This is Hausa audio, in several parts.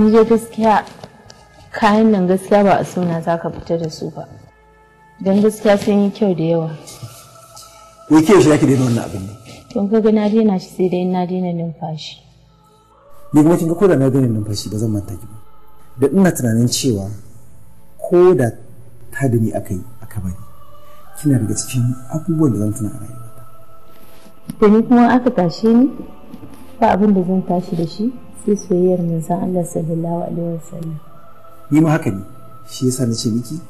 ni dai gaskiya kayan nan gaskiya ba a suna za ka fita da su ba don gaskiya sun yi kyau da yawa me ke shi yake daina wannan abin ne tun kaga na daina shi sai dai na daina numfashi ni kuma tunda ko da na daina numfashi ba zan manta ki ba da ina tunanin cewa ko da ta da ni aka yi aka bari kina daga cikin abubuwan da zan tuna a rayuwa da ni kuma aka tashe ni ba abin da zan tashi da shi sai soyayyar manzon Allah sallallahu alaihi wasallam ni ma haka ne shi yasa nace miki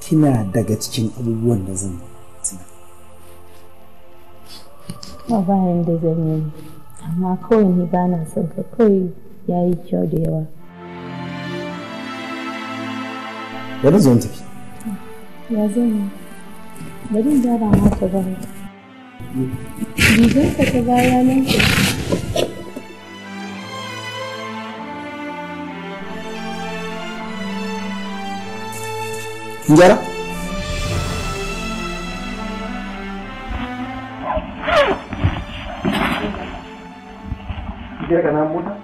kina daga cikin abubuwan da zan tuna ba ba da zan yi amma kawai ni ba na son ka kawai ya yi kyau da yawa bari zan tafi ya zan yi bari in gyara mata ba rigar ka ta baya nan njara Dia kena muda.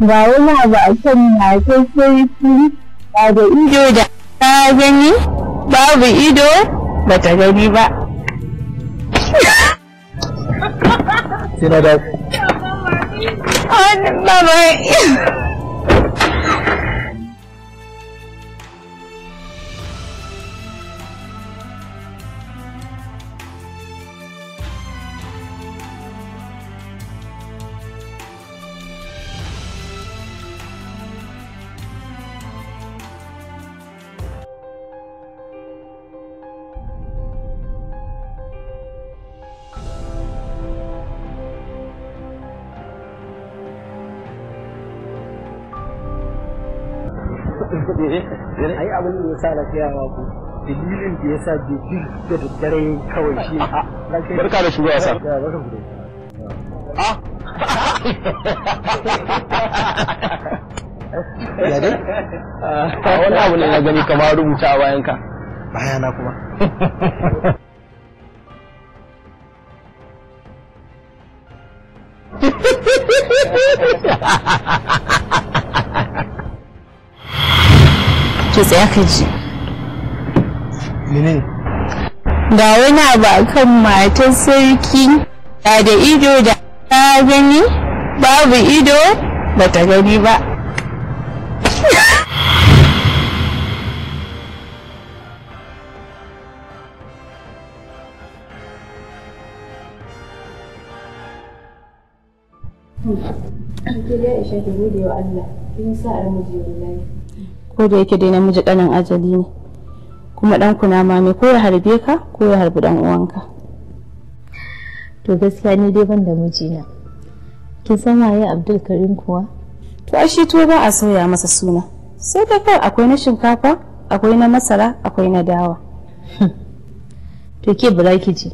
ba wani abu a kan matar sarki ba da ido da ta gani babu ido ba ta gani ba. Sina da. ai abin da ya sa da ya sa da daddare barka da shugaba sa ya dai a wani abu ne na gani kamar rubuta a ka. bayana kuma za ka ji ga wani abu akan matar sarki da da ido da ta gani babu ido ba ta gani ba Ake ya isha ta gode wa Allah, in sa a ramuje wallahi. ko da yake dai namiji kanin ajali ne kuma dan kunama ne ko ya harbe ka ko ya harbi dan uwanka to gaskiya ni dai ban da mijina kin san waye Abdul Karim kuwa to ashe to ba a sauya masa suna sai da kai akwai na shinkafa akwai na masara akwai na dawa hmm. to ke bura ki ji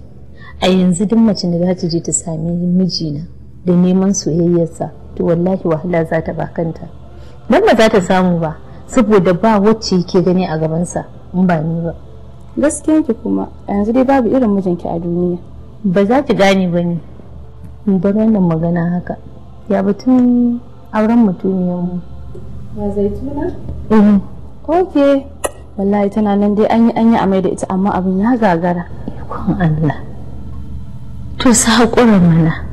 a yanzu duk mace da za ta je ta sami mijina da neman soyayyarsa to wallahi wahala za ta bakanta dan ba za ta samu ba saboda ba wacce yake gani a gabansa in ba ni ba Gaskiya ki kuma yanzu dai babu irin mijinki a duniya ba za ki gane ba ne bar wannan magana haka ya batun auren mutumiyar mu ya zaituna eh okay wallahi tana nan dai an yi an yi amai da ita amma abin ya gagara ikon Allah to sa haƙurin mana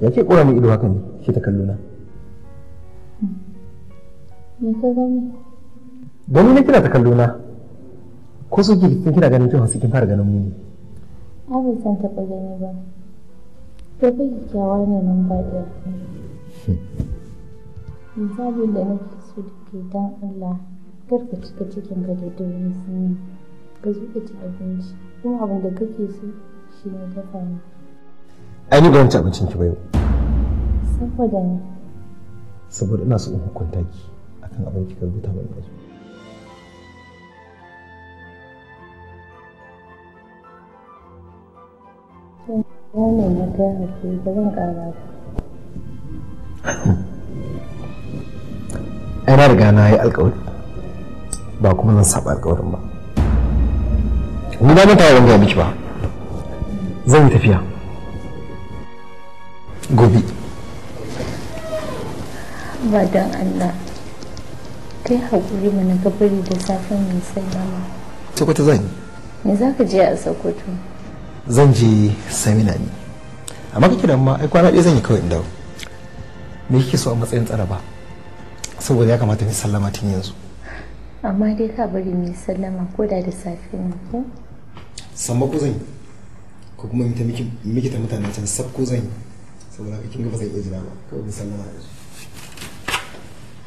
ya ke ƙura ni ido haka ne shi ta kalluna hmm. me ka gani gani na kina ta kalluna ko su kike kin kina ganin cewa kin fara ganin mu ne abin san taɓa gani ba ko yi kyakkyawa ne nan ba ɗaya hmm. misali da nake so da ke dan Allah kar ka cika cikin ka da domin sun ka zo ka ci abinci kuma abin da kake so shi ne dafa ne ai ni ban ci abincin ki ba yau saboda ni saboda ina so in hukunta ki akan abin ki ka rubuta mai yanzu Wannan ya kai hakuri ba zan ƙara ba. Ai na riga na yi alƙawari ba kuma zan saba alƙawarin ba. Ni na manta wa ban gaya miki ba. Zan yi tafiya. gobe ba don allah kai haƙuri mana gabari da safe mai sallama sokoto zan yi. me za ka je a sokoto zan je samina ne amma kake da ma ai kwana ɗaya zan yi kawai in dawo me kike so a matsayin ba. saboda ya kamata ni sallama tun yanzu amma dai ka bari mai sallama ko da da safe ne ko samma ko zan yi ko kuma miki ta mutanen can sab ko zan yi saboda haka kin a ba zan iya jira ba kawai mun sallama da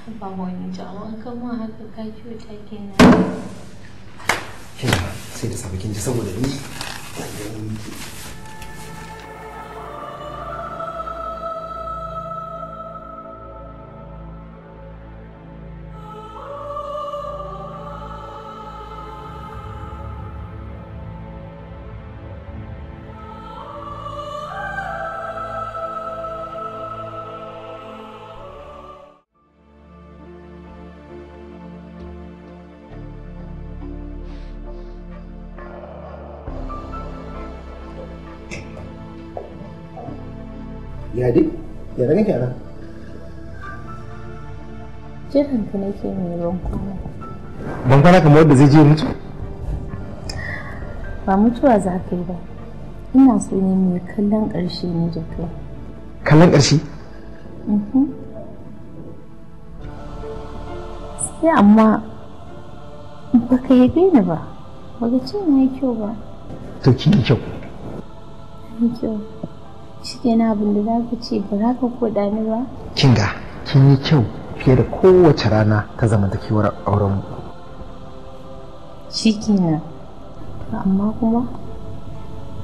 su ba wani jawon kama haka ka kyauta kenan kina sai da sabakin ji saboda ni ya dai ya ranar kenan jiran ka nake mai ban kwana ban kwana kamar wanda zai je mutu ba mutuwa za ka yi ba ina so ne mai kallon ƙarshe ne kai. kallon ƙarshe sai amma ba ka yi ni ba ba ka ce mai kyau ba to ki yi kyau kyau shikenan abin da za ku ce ba za ka koda ni ba kinga kin yi kyau fiye da kowace rana ta zamantakewar auren ba amma kuma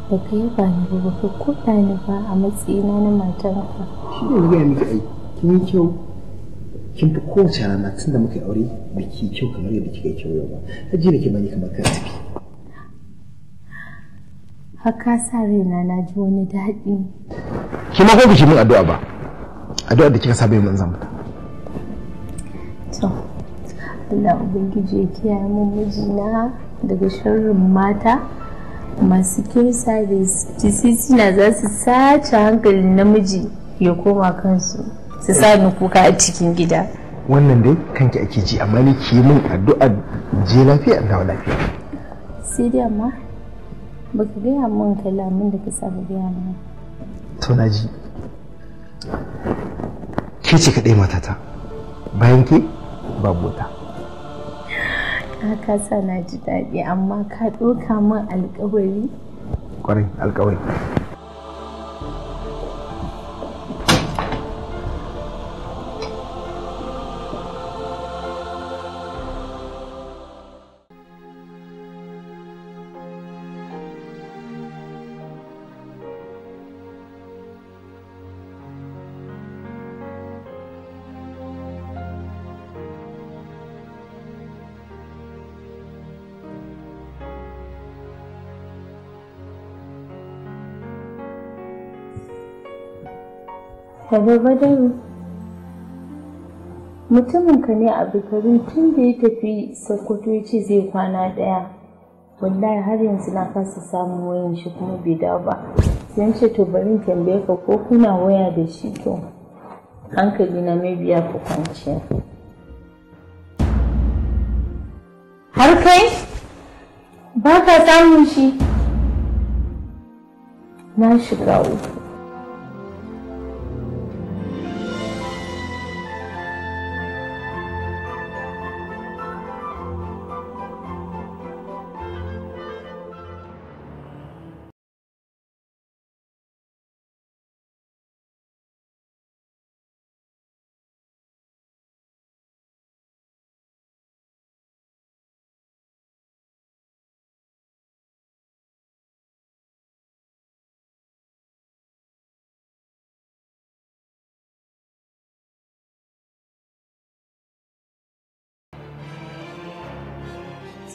ba ka yi ba ni ba ka koda ni ba a matsayina na matarka shi ne gaya miki ai kin yi kyau kin fi kowace rana tun da muka yi aure biki kyau kamar yadda kika yi kyau yau ba hajji da ke bani kamar ka tafi har ka sa raina na ji wani daɗi ki ma ko ki addu'a ba addu'a da kika saba yin manzan ta to Allah ubangiji ya kiyaye mun mijina daga sharrin mata masu kirsa da tisisina za su sace hankalin namiji ya koma kansu su sa ni kuka a cikin gida wannan dai kanki ake ji amma ni ki min addu'a je lafiya Allah lafiya sai dai amma ba ka gaya min kalamin da ka saba gaya min to na ji ke ce kaɗai matata bayan ke babu wata ah, ka sa na ji daɗi amma ka ɗoka min alƙawari ƙwarai alƙawari Hello, Mutumin ka ne a bikarin tun da ya tafi Sokoto ya ce zai kwana ɗaya. Wallahi har yanzu na kasa samun wayan shi kuma bai dawo ba. Sai ce to bari tambaye ka ko kuna waya da shi to. Hankali na mai biya ku kwanciya. Har kai? Ba ka samun shi? Na shiga uku.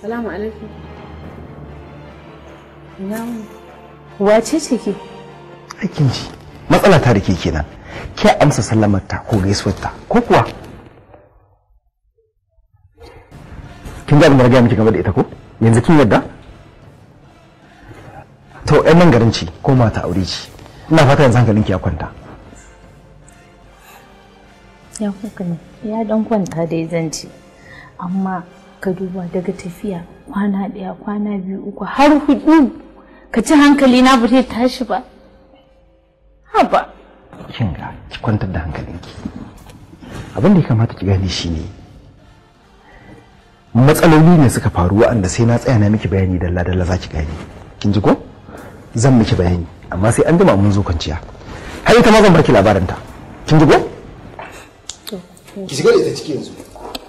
Assalamu alaikum. Wace ce ke? Aikin ji. Matsala ta da ke kenan. Ke amsa sallamar ta ko gaisuwar ta ko kuwa? Kin ga abin gaya miki game da ita ko? Yanzu kin yadda? To ƴan nan garin ce ko mata aure ce. Ina fata yanzu hankalinki ya kwanta. Ya kuka ne. Ya dan kwanta dai zan ci Amma ka duba daga tafiya kwana ɗaya kwana biyu uku har hudu ka ci hankali na ba zai tashi ba haba kin ga ki kwantar da hankalinki abin da ya kamata ki gane shine matsaloli ne suka faru anda sai na tsaya na miki bayani dalla dalla za ki gane kin ji ko zan miki bayani amma sai an jima mun zo kwanciya har ita ma zan barki labarinta kin ji ko ki shiga da ita ciki yanzu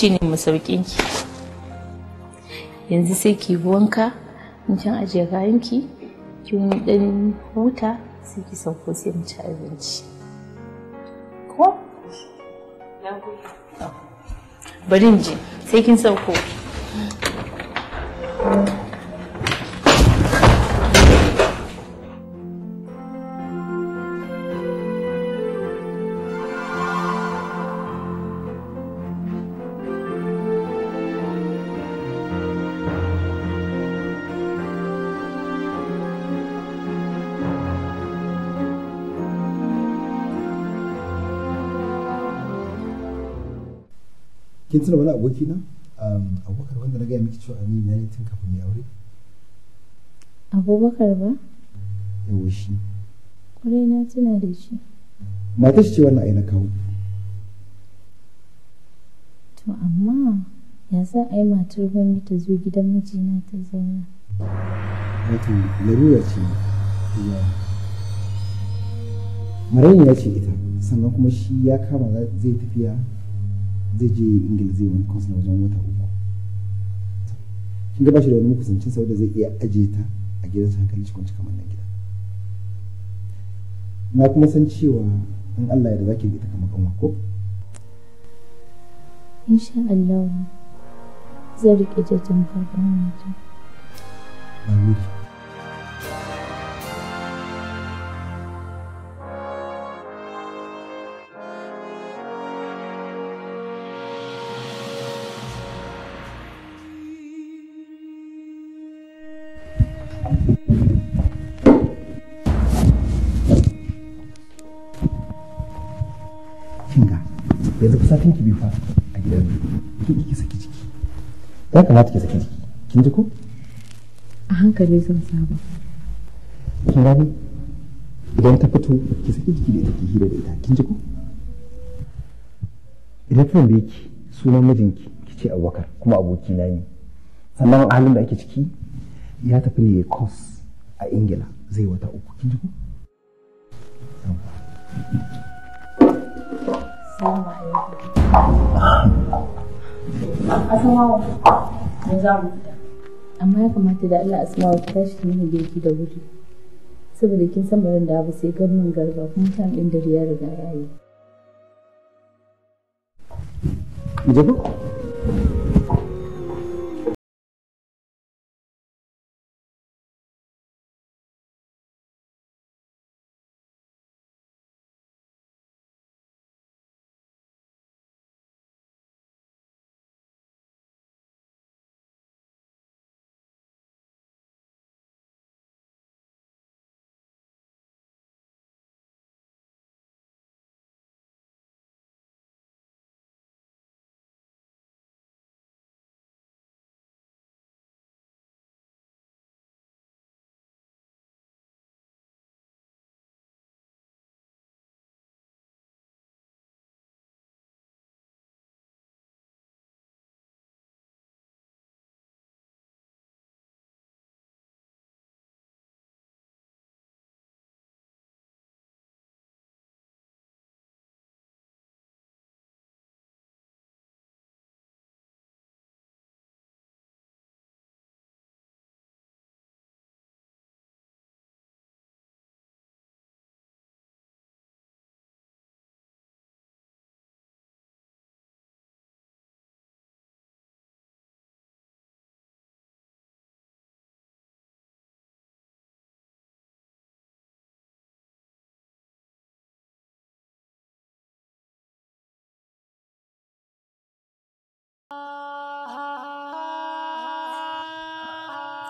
shine mu saukin ki yanzu sai ki wanka in can ajiye kayan ki ki dan huta sai ki sauko sai mu ci abinci ko bari in je sai kin sauko thank you kin tuna wani aboki na abubakar wanda na gaya miki cewa amini na ne tun kafin mai aure abubakar ba yawo shi kwarai na tuna da shi mata shi ce wannan aina kawo to amma ya za a yi matar gwamnati ta zo gidan mijina ta zauna wato larura ce ya marayin ya ce ita sannan kuma shi ya kama zai tafiya zai je ingila zai wani kwas na wajen wata uku kin ga bashi da wani makusancin saboda zai iya ajiye ta a gidansa hankali cikin cikin wannan gida na kuma san cewa in Allah ya da zaki ita kamar kanwa ko insha Allah zai rike jajjan farkon wajen na wuri ya kamata ki saki kin ji ko a hankali zan saba kin gani idan ta fito ki saki jiki da ita ki hira da ita kin ji ko idan ta bi ki sunan mijinki ki ce abubakar kuma aboki na ne sannan halin da ake ciki ya tafi ne kos a ingila zai wata uku kin ji ko my God. Amma ya kamata da Allah Asma'u ta tashi ta nuna girki da wuri. Saboda kin san barin da abu sai gamin garba kuma kan ɗin da ya riga yi.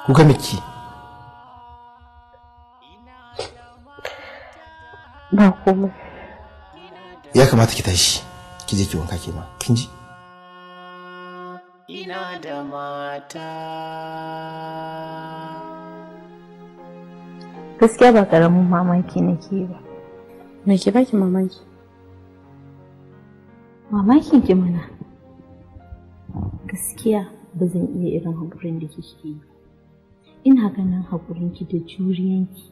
ku ga miki ba kuma. ya kamata ki tashi ki je ki wanka ke ma kin ji ina da mata gaskiya ba karamin mamaki nake ba me ke baki mamaki mamakin ki mana gaskiya ba zan iya irin haƙurin da kike yi ina ganin haƙurinki da juriyanki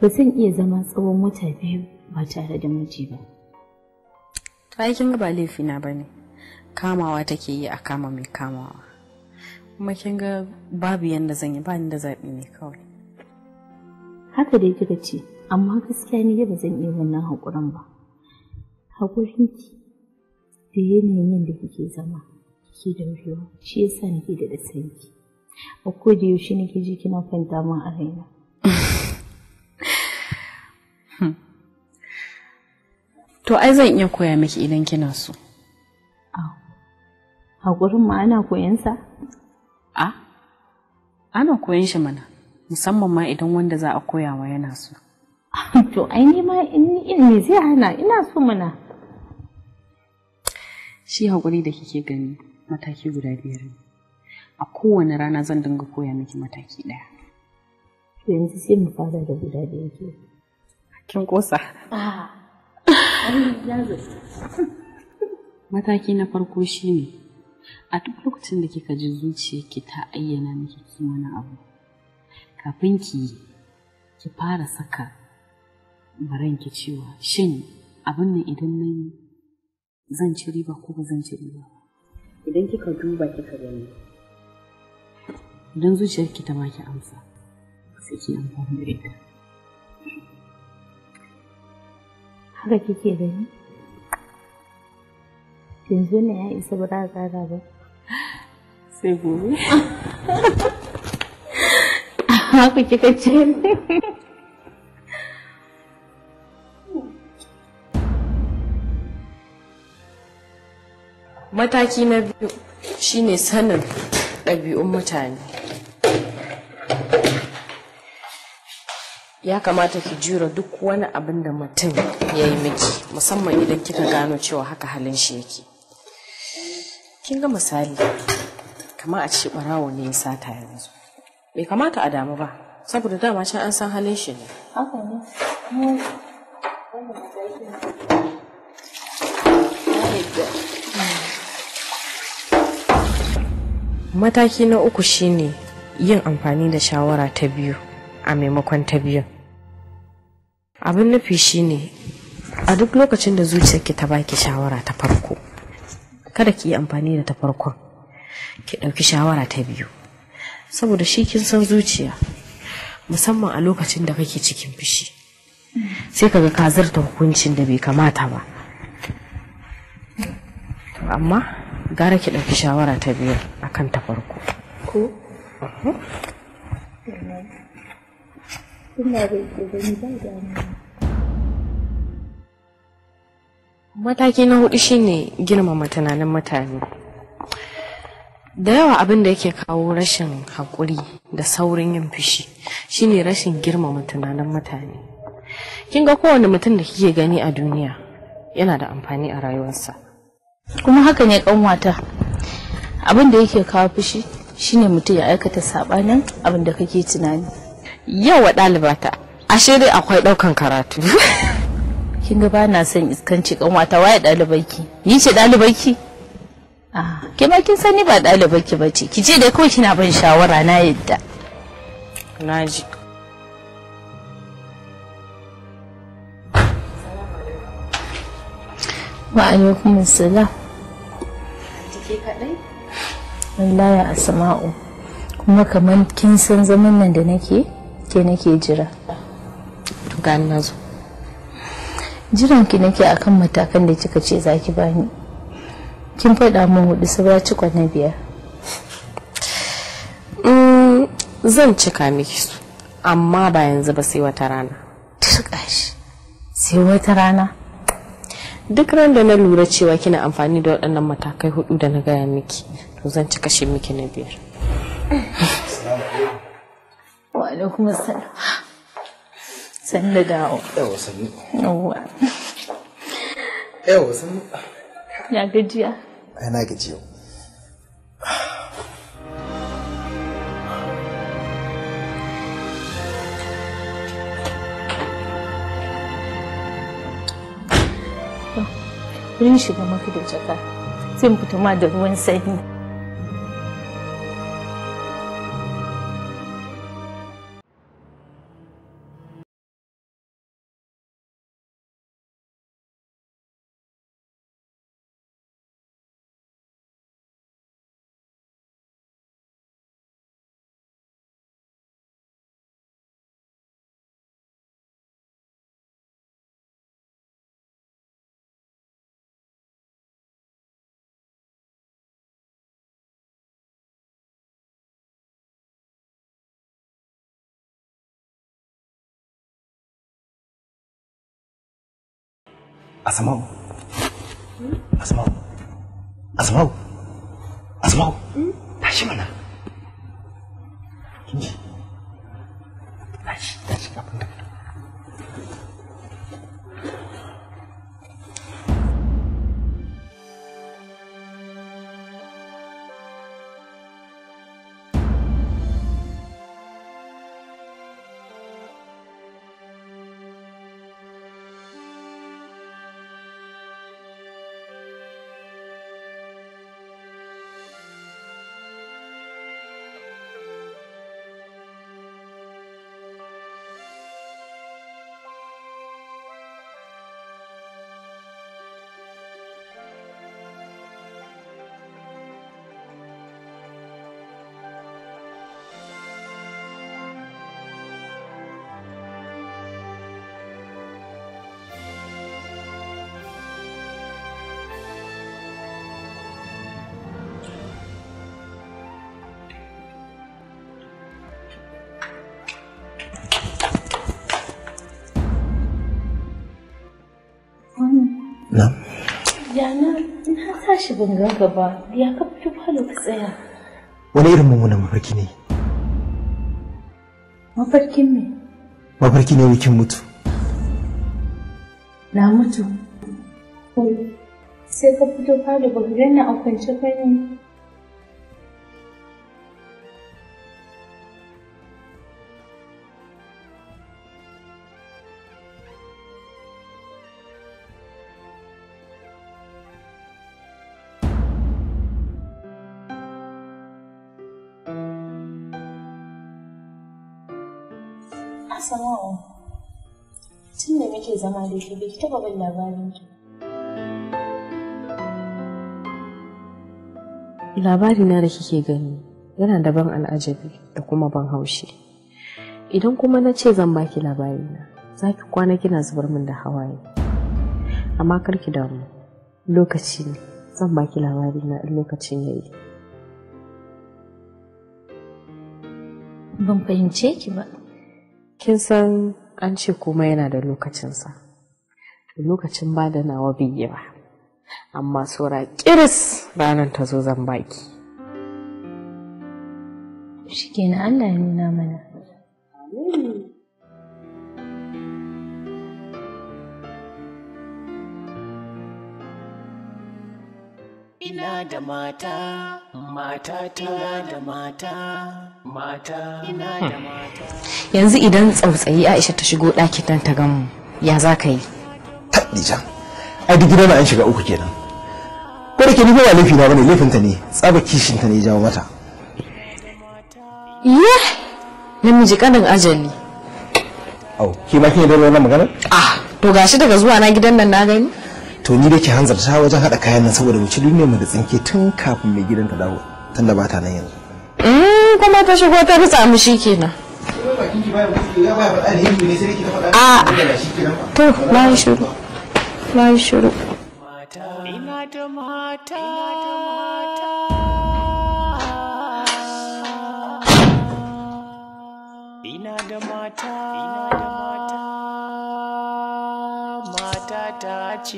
ba zan iya zama tsawon wata biyu ba tare da miji ba to ai kin ba laifina ba ne kamawa take yi a kama mai kamawa kuma kin ga babu yanda zan yi ba ni da zaɓi ne kawai haka dai kika ce amma gaskiya ni ba zan iya wannan haƙurin ba haƙurinki da yanayin da kike zama ke da ruwa shi yasa nake da sanki a koda yaushe nake ji kina kwanta min a raina to ai zan iya koya miki idan kina so gurin ma ana sa. a ana koyan shi mana musamman ma idan wanda za a koya wa yana so to ai ni ma in me zai hana ina so mana shi haƙuri da kike gani mataki guda biyar a kowane rana zan dinga koya miki mataki ɗaya yanzu sai mu fara da guda biyar ke kin kosa ah. mataki na farko shine a duk lokacin da kika ji zuciyarki ta ayyana miki wani abu kafin ki ki fara saka ki cewa shin abin nan idan na zan ci riba ko ba zan ci riba idan kika duba kika gani idan ki ta maki amsa sai ki amfani da ita haka kike gani yanzu ne ya isa ba za a tsara ba sai gobe haka kika ce mataki na biyu shine sanin ɗabi'un mutane ya kamata ki jura duk wani abin da mutum ya yi miki musamman idan kika gano cewa haka halin shi yake kin ga misali kama a ce barawo ne ya sata yanzu bai kamata a damu ba saboda dama can an san halin shi ne haka ne mataki na uku shine yin amfani da shawara ta biyu a maimakon ta biyu abin nufi shine a duk lokacin da zuciyarki ta baki shawara ta farko kada ki yi amfani da ta farkon ki ɗauki shawara ta biyu saboda shi kin san zuciya musamman a lokacin da kake cikin fushi sai kaga ka zarta hukuncin da bai kamata ba amma gara ki ɗauki shawara ta biyu akan ta farko ko mataki na hudu shine girmama tunanin mutane da yawa abin da yake kawo rashin haƙuri da saurin yin fushi shine rashin girmama tunanin mutane kin ga kowane mutum da kike gani a duniya yana da amfani a rayuwarsa kuma haka ne kanwata abin da yake kawo fushi shine mutum ya aikata sabanin abin da kake tunani yawa ɗalibata ashe dai akwai ɗaukan karatu kin ga ba na son iskanci kanwata waye ɗalibanki ni ce ɗalibanki ah, ke ma kin sani ba ɗalibanki ba ce ki je dai kawai kina ban shawara na yadda naji wa alaikum ke kaɗai? wallahi asma'u kuma kamar kin san zaman nan da nake ke nake jira to ga na zo jiran ki nake akan matakan da kika ce zaki bani kin faɗa min hudu ba cikon na biyar mm, zan cika miki su amma ba yanzu ba sai wata rana sai wata rana duk ran da na lura cewa kina amfani da waɗannan matakai hudu da na gaya miki to zan ci kashe miki na biyar wa alaikum salam san da dawo yawa sanu yawa yawa sanu ya gajiya ana gajiya mun shiga mafi da jaka sai mu fita ma da ruwan sanyi 阿什么？嗯？阿什么？阿什么？阿什么？嗯？太什么了？就是太什太什搞不懂。tashi ban ganka ba, ya ka fi falo ka tsaya. Wani irin mummunan mafarki ne? Mafarkin me? Mafarki ne wikin mutu. Na mutu. Sai ka fito falo ba ka ganna a kwance ba Asma'u, tun da muke zama da ke bin labarin ki. Labari na da kike gani yana da ban al'ajabi da kuma ban haushi. Idan kuma na ce zan baki labari na, za ki kwana kina zubar min da hawaye. Amma kar ki damu, lokaci ne, zan baki labari na in lokacin ya yi. Ban fahimce ki ba. kin san an ce kuma yana da lokacinsa lokacin ba da nawa biye ba amma saura kiris ranar ta zo zan baki shi kenan allah ya nuna mana ina da mata mata ina da mata mata ina da mata yanzu idan tsautsayi Aisha ta shigo ɗakin nan ta gamu ya za ka yi Taɗija ai duk gidan an shiga uku kenan ko da ke ni ba laifi na bane laifin ta ne tsaba kishin ta ne jawo mata na namiji kanin ajali au ke ba ke da wannan magana ah to gashi daga zuwa na gidan nan na gani to ni da hanzarta wajen hada kayan nan saboda wuce duniya mu da tsinke tun kafin mai gidan ta dawo tun da bata nan yanzu mm, kuma ta shigo ta rutsa mu shi kenan a ah, to na yi shiru na yi shiru ina da mata ce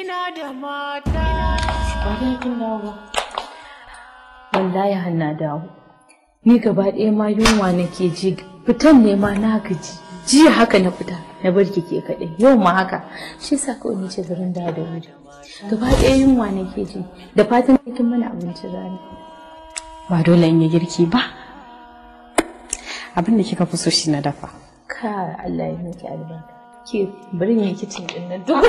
ina da mata ba dawo wallahi hanna dawo ni gaba ɗaya ma yunwa nake ji fitan ne ma na gaji ji haka na fita na bar ki ke kaɗai yau ma haka shi sa kawai ni ce garin da da wuri gaba ɗaya yunwa nake ji da fatan kin mana abincin rana ba dole in yi girki ba abin da kika fi so shi na dafa ka Allah ya miki albarka ke bari ne kicin din nan duk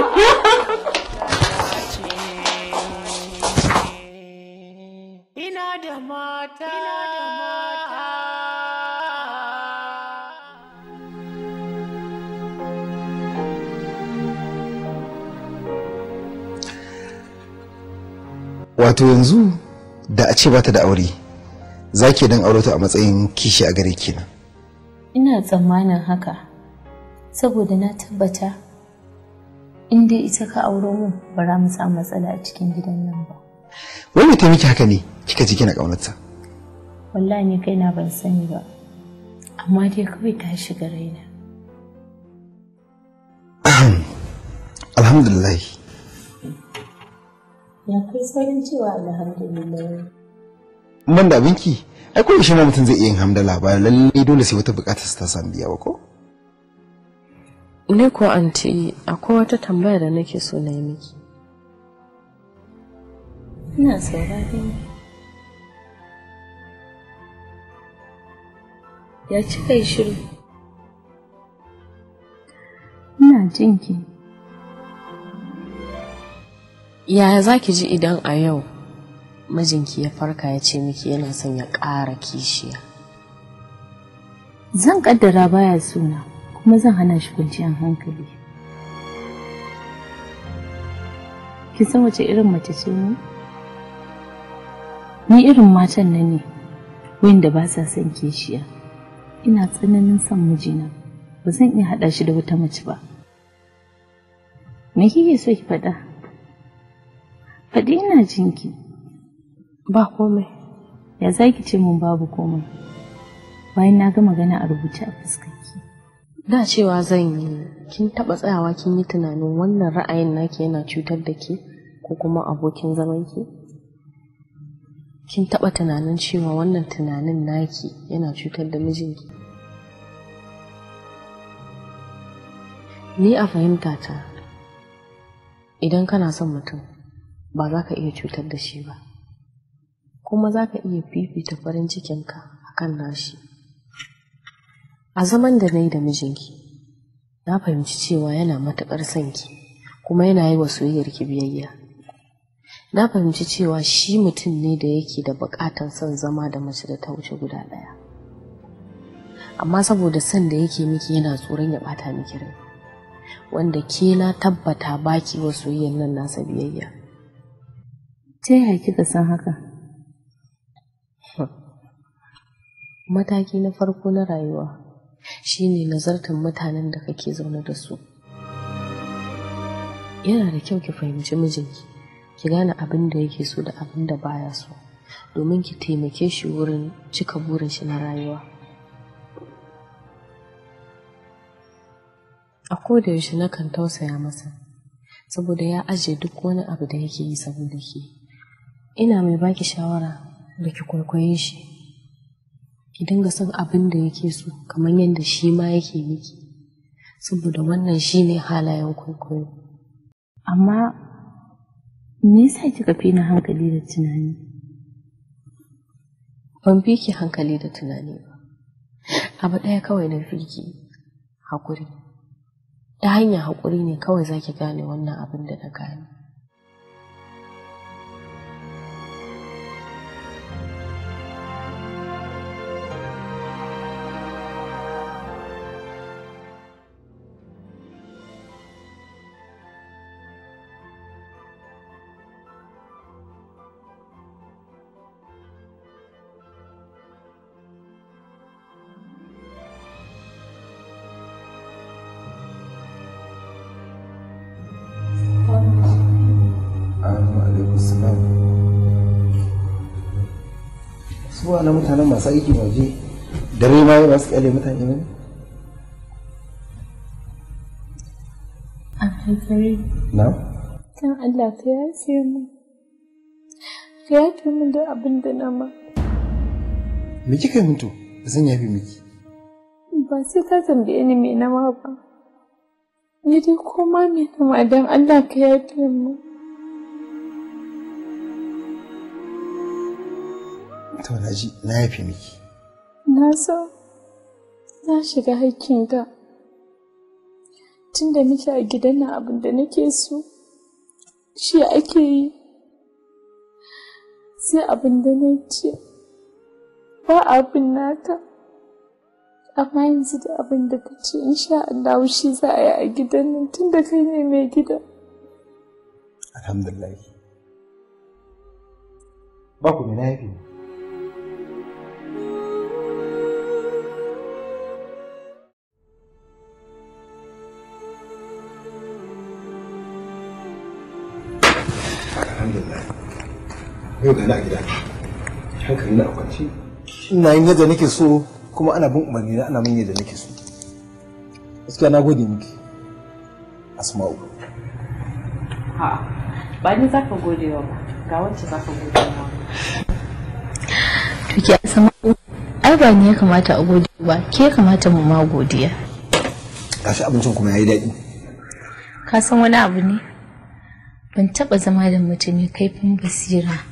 ina da mata wato yanzu da a ce bata da aure za ke dan aure ta a matsayin kishi a gare kenan ina tsammanin haka saboda na tabbata in dai ita ka auro mu ba za mu samu matsala a cikin gidan nan ba wani ta miki haka ne kika ji kina kaunarta wallahi ni kaina ban sani ba amma dai kawai ta shiga raina alhamdulillah ya kai saurin cewa alhamdulillah ban da abinki ai ko shi ma mutum zai iya yin hamdala ba lalle dole sai wata bukata ta san biya ba ko ne ko anti akwai wata tambaya da nake so na yi miki ina saurari ya ci kai shiru ina jinki yaya za ki ji idan a yau mijinki ya farka ya ce miki yana son ya ƙara kishiya. Zan ƙaddara baya suna kuma zan hana shi kwanciyar hankali. Ki san wace irin mace ce ne? Ni irin matan nan ne wanda ba sa son kishiya. Ina tsananin son mijina ba zan iya haɗa shi da wata mace ba. Me kike so ki faɗa? Faɗi ina jinki. Ba komai. Ya za ki ce mun babu komai. Bayan na ga magana a rubuce a fuskarki. Da cewa zan yi kin taba tsayawa kin yi tunanin wannan ra'ayin naki yana cutar da ke ko kuma abokin zamanki? Kin taɓa tunanin cewa wannan tunanin naki yana cutar da mijinki? Ni a fahimta ta. idan kana son mutum ba za ka iya cutar da shi ba. kuma za ka iya fifita farin cikinka a kan nashi. A zaman da na yi da mijinki, na fahimci cewa yana matuƙar sanki kuma yana yi wa soyayyarki biyayya. Na fahimci cewa shi mutum ne da yake da buƙatar son zama da mace da ta wuce guda ɗaya. Amma saboda son da yake miki yana tsoron ya ɓata miki rai, wanda ke na tabbata baki wa soyayyar nan nasa biyayya. Ta yaya kika san haka? mataki na farko na rayuwa shine nazartar mutanen da kake zaune da su yana da kyau ki fahimci mijinki ki gane abin da yake so da abin da baya so domin ki taimake shi wurin cika burin shi na rayuwa a koda yaushe kan tausaya masa saboda ya ajiye duk wani abu da yake yi saboda ke ina mai baki shawara da ki kwaikwaye shi ki dinga son abin da yake so kamar yadda shi ma yake miki saboda wannan shi ne halayen kwaikwayo amma me yasa kika fi na hankali da tunani ban fi ki hankali da tunani ba abu ɗaya kawai na fi ki haƙuri ta hanyar hakuri ne kawai za ki gane wannan abin da na gane masu aiki waje dare ma yi masu kyale mutane ba ne? Abdulkarim. Na? Kan Allah ka yafe mu. Ka yafe mu da abin da na ma. Me kika yi mutu? Zan yafi miki. Ba sai ka tambaye ni me na ma ba. Ni dai koma me na ma don Allah ka yafe mu. to na ji na yafe miki na so na shiga haƙƙinka tun da muke a gidan nan abin da nake so shi ake yi sai abin da na ce ba abin nata. amma yanzu da abin da ka ce insha Allah shi za a yi a gidan nan tun da kai ne mai gida alhamdulillah ba ku na yafi yau ga na gida hankali na kwance ina yin yadda nake so kuma ana bin umarni na ana min yadda nake so gaskiya na gode miki asma'u ha ba ni zaka gode wa ba ga wacce zaka gode wa to ki asma'u ai ba ni ya kamata a gode ba ke kamata mu ma godiya gashi abincin kuma yayi daɗi ka san wani abu ne ban taba zama da mutum mai kaifin basira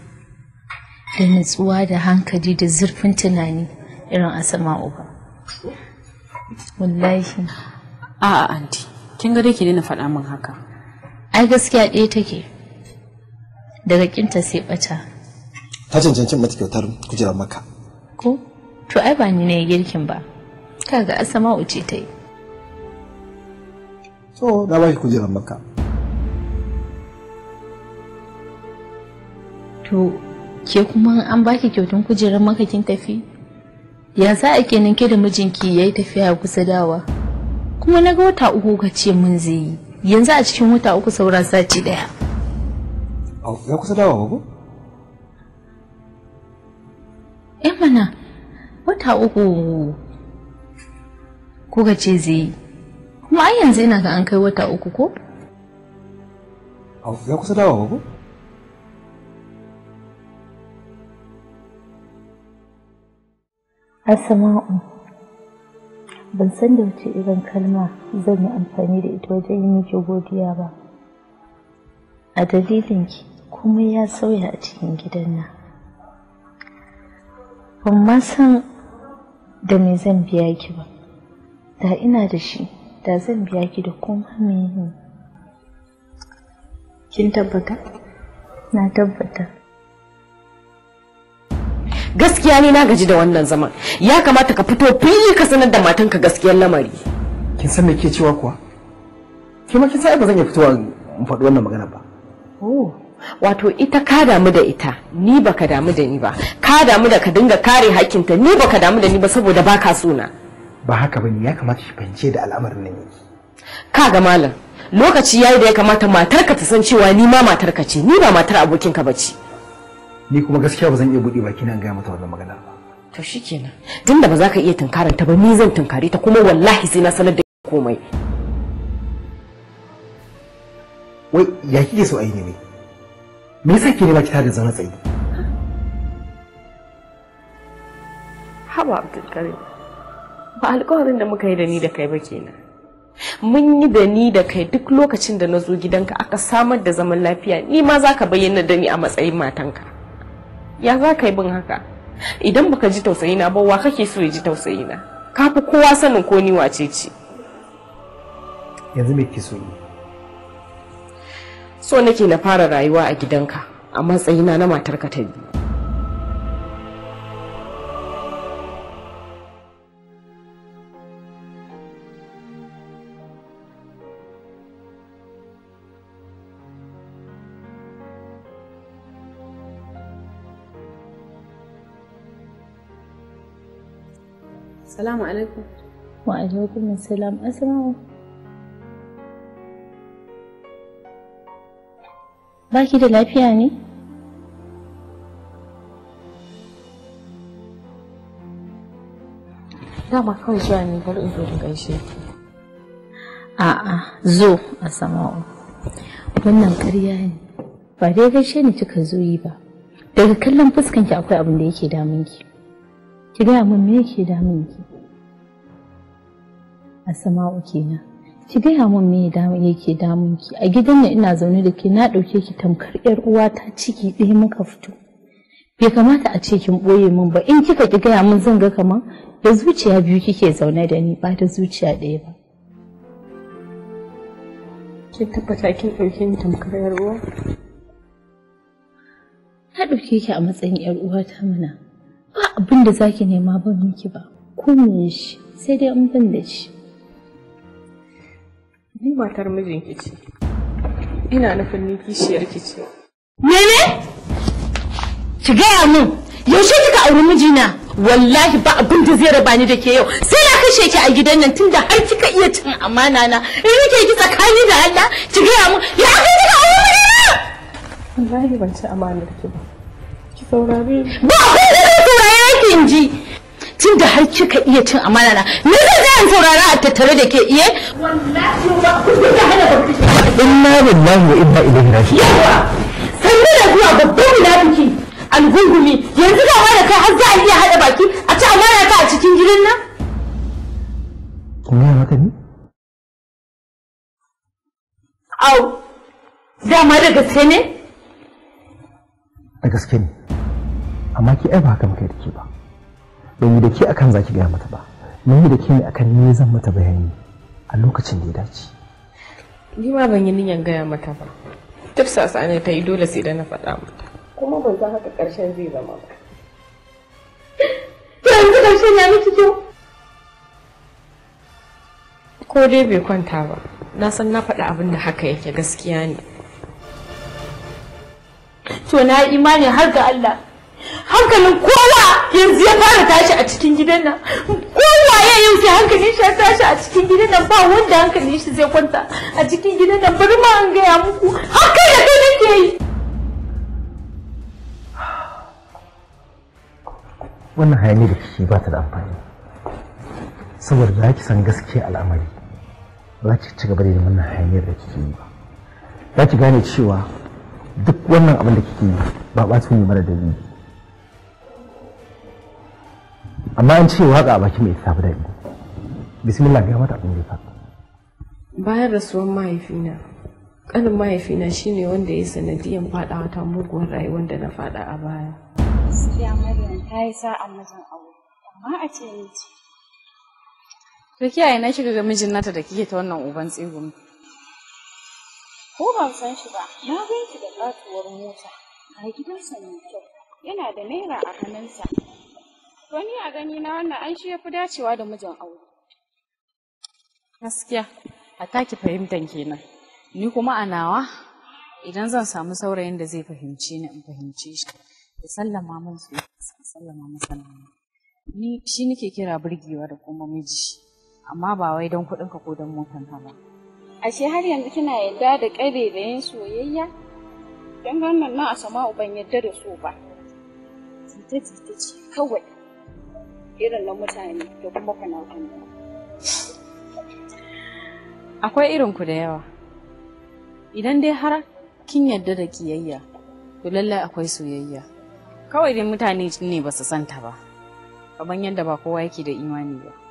da nutsuwa da hankali da zurfin tunani irin asama'u ba wallahi a'a anti kin ga dai ki faɗa min haka ai gaskiya ɗaya take daga kinta sai ɓata ta cancanci mata kyautar kujerar maka ko to ai ba ni ne girkin ba kaga asama'u ce ta yi to na ba ki kujerar maka to ke kuma an baki kyautun kujerar maka kin tafi ya za a kenan ke da mijinki yayi tafiya kusa dawa kuma na ga wata uku ka ce mun zai yi yanzu a cikin wata uku saura sati daya ya kusa dawa ba eh mana wata uku kuka ce zai yi kuma ai yanzu ina ga an kai wata uku ko ya kusa dawa ba Asma'u ban san da wace irin kalma zan yi amfani da ita wajen yi miki godiya ba. A dalilin ki kuma ya sauya a cikin gidan nan. Ban ma san da me zan biya ki ba. Da ina da shi da zan biya ki da kuma me Kin tabbata? Na tabbata. gaskiya ne na gaji da wannan zaman ya kamata ka fito fili ka sanar da matanka gaskiyar lamari kin san me ke cewa kuwa ke ma kin san ba zan iya fitowa in faɗi wannan magana ba oh wato ita ka damu da ita ni baka damu da ni ba ka damu da ka dinga kare hakinta ni baka damu da ni ba saboda baka suna ba haka bane ya kamata ki fahimce da al'amarin nan yake ga malam lokaci yayi da ya kamata matarka ta san cewa ni ma matarka ce ni ba matar abokinka bace ni kuma gaskiya ba zan iya buɗe baki nan gaya mata wannan magana ba to shikenan tunda ba za ka iya tunkarar ta ba ni zan tunkare ta kuma wallahi sai na sanar da komai wai ya kike so ayi ne me me yasa kike ba ki ta da zama tsayi haba abdulkarim ba alƙawarin da muka yi da ni da kai ba kenan mun yi da ni da kai duk lokacin da na zo gidanka aka samar da zaman lafiya ni ma za ka bayyana da ni a matsayin matanka ya za ka yi bin haka idan baka ji tausayi na ba wa kake so ya ji tausayi na ka fi kowa sanin ko ni wace ce yanzu me ke so yi so nake na fara rayuwa a gidanka a matsayina na matarka ta biyu السلام عليكم وعليكم السلام assalam. باكي Ba ki da lafiya ne? Dama kawai zuwa ne bari in da gaishe A'a, zo a Wannan ƙarya ne. Ba dai gaishe ni kika zo yi ba. Daga kallon fuskanki akwai abin da yake damunki. ki gaya min me yake damun Asama'u kenan. Ki gaya min me yake damun ki. A gidan nan ina zaune da ke na ɗauke ki tamkar 'yar uwata ciki ɗaya muka fito. Bai kamata a ce kin ɓoye min ba in kika ki gaya min zan ga kamar da zuciya biyu kike zaune da ni ba da zuciya ɗaya ba. Ki tabbata kin ɗauke ni tamkar 'yar uwa? Na ɗauke ki a matsayin 'yar uwata mana. Ba abin da zaki nema ban miki ba. Ko shi sai dai in ban da shi. Ni matar mijinki ce. Ina nufin ni kishiyarki ce. Mene? Ki gaya min yaushe kika auri mijina? Wallahi ba abin da zai raba ni da ke yau. Sai na kashe ki a gidan nan tunda har kika iya cin amana na. In nake ki tsakani da Allah, ki gaya min ya kai kika auri mijina? Wallahi ban ci amanar ki ba. Ki saurare Ba ku da ku saurare yake inji ji. tun da har kika iya cin amana na ni zan an saurara a tattare da ke iye da inna lillahi wa inna ilaihi raji'un yawa sannu da zuwa babban munafiki algungumi yanzu ga da kai har za a iya hada baki a ci amana ka a cikin gidan nan me haka ne au dama da gaske ne a gaske ne amma ki ai ba haka muka yi da ke ba ban yi da ke akan zaki gaya mata ba mun yi da ke ne akan ne zan mata bayani a lokacin da ya dace ni ma ban yi niyan gaya mata ba Duk sasa ne ta yi dole sai da na faɗa mata kuma ban san haka ƙarshen zai zama ba to yanzu ƙarshen ya miki kyau ko dai bai kwanta ba na san na faɗa abin da haka yake gaskiya ne to na imani har ga Allah hankalin kowa yanzu ya fara tashi a cikin gidan nan kowa ya yau sai hankalin shi ya tashi a cikin gidan nan ba wanda hankalin shi zai kwanta a cikin gidan nan bari ma an gaya muku haka da kai nake yi wannan hayani da kike ba ta da amfani saboda za ki san gaskiya al'amari za ki ci gaba da wannan hayaniyar da kike yi ba za ki gane cewa duk wannan abin da kike yi ba ɓacin ne mara dalili amma an ce waka a baki mai da daɗi bismillah ga mata ɗin da bayan rasuwar mahaifina ƙanin mahaifina shine wanda ya sanadiyan faɗawa ta muguwar rayuwar da na faɗa a baya gaskiya maryam ta yi sa'an mijin aure amma a ce ce. to kiyaye na shiga ga mijin nata da kike ta wannan uban tsegun ko ban san shi ba na gan da katuwar mota a gidansa mai kyau yana da naira a hannunsa To ni a gani na wannan an shi ya fi dacewa da mijin aure. Gaskiya, a taki fahimtan kenan. Ni kuma a nawa idan zan samu saurayin da zai fahimce ni in fahimce shi. Ya sallama min su, sallama masa Ni shi nake kira burgewa da kuma miji, amma ba wai don kuɗinka ko don motanka ba. Ashe har yanzu kina yadda da ƙare da yin soyayya? Don wannan nan a sama ban yadda da so ba. Jita-jita ce kawai. irin na mutane da kuma kwanakwan akwai irin ku da yawa idan dai har kin yarda da kiyayya to lallai akwai soyayya kawai dai mutane ne ba su santa ba kamar yadda ba kowa yake da imani ba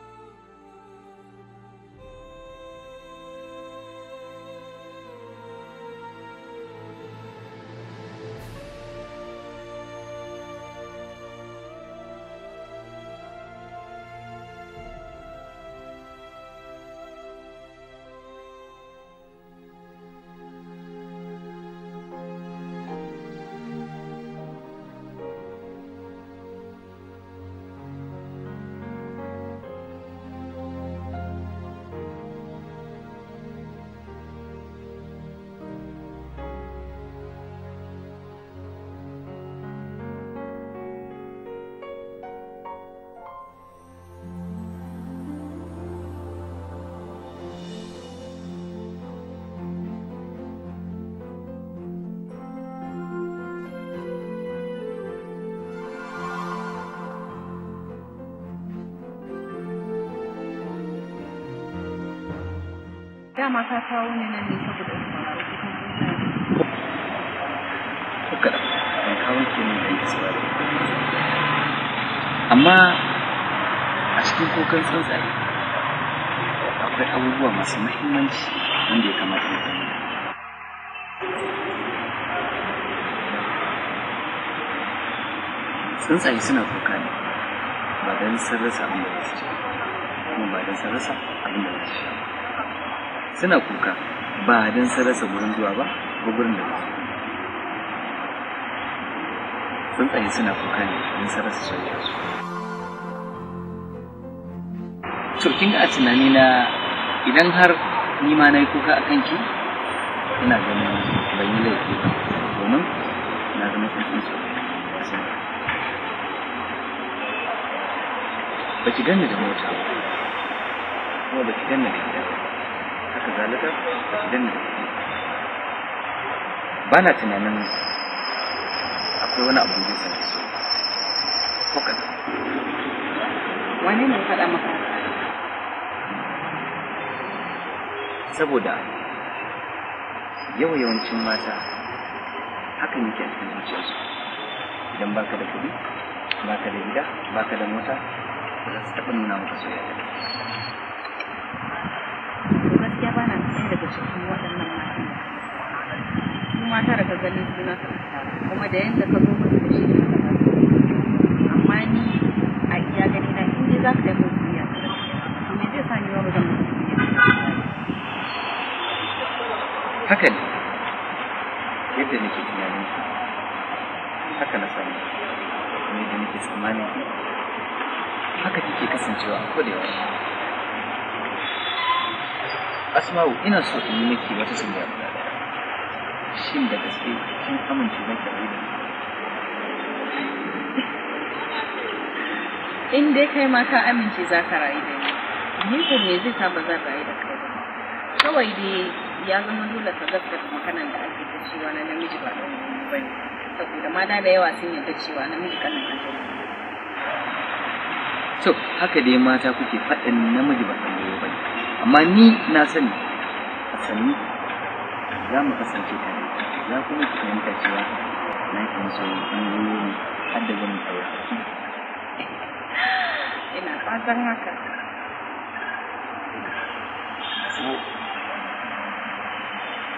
dama ka kawo ne nan ne saboda da saurari amma a cikin kokan tsuntsaye akwai abubuwa masu mahimmanci wanda ya kamata ya fahimta tsuntsaye suna kuka ne ba don sun rasa abin da za su ci kuma ba don sun rasa abin da za su ci suna kuka ba don sun rasa gurin zuwa ba ko gurin da ba tsuntsaye suna kuka ne don sun rasa soyayyarsu to kin ga a tunani na idan har ni ma na yi kuka a kanki ina ganin ban yi laifi ba domin na zama tsuntsun soyayya ba ki ganni da mota ba kuma ba ki ganni da gida zalika din ba na tunanin akwai wani abu da zai so ko kada wani ne faɗa maka saboda yawa yawancin mata hakan yake a cikin zuciyarsu idan baka da kuɗi baka da gida baka da mota ba za su taɓa nuna maka soyayya mata da ka ganin suna kuma da yadda ka zo musu da shi ne ka taso amma ni a iya gani na inda za ka yi musu biya to me zai sa ni ba zan musu haka ne yadda nake tunanin haka na sani ne da nake tsammanin haka kike kasancewa a kodewa asma'u ina so in yi miki wata sanya da shin da gaske kin amince za ki rayu in dai kai ma ka amince za ka rayu da ni ni ko me zai sa ba za ka rayu da kai ba kawai dai ya zama dole ka gaskata maganar da ake ta cewa na namiji ba ɗan wani ba ne saboda mata da yawa sun yarda cewa namiji kanin aljanu so haka dai mata kuke faɗin namiji ba ɗan wani ba ne amma ni na sani a sani za mu kasance tare za kuma ki fahimta cewa na kan maso ne har da gani ɗaura. Ina fatan haka.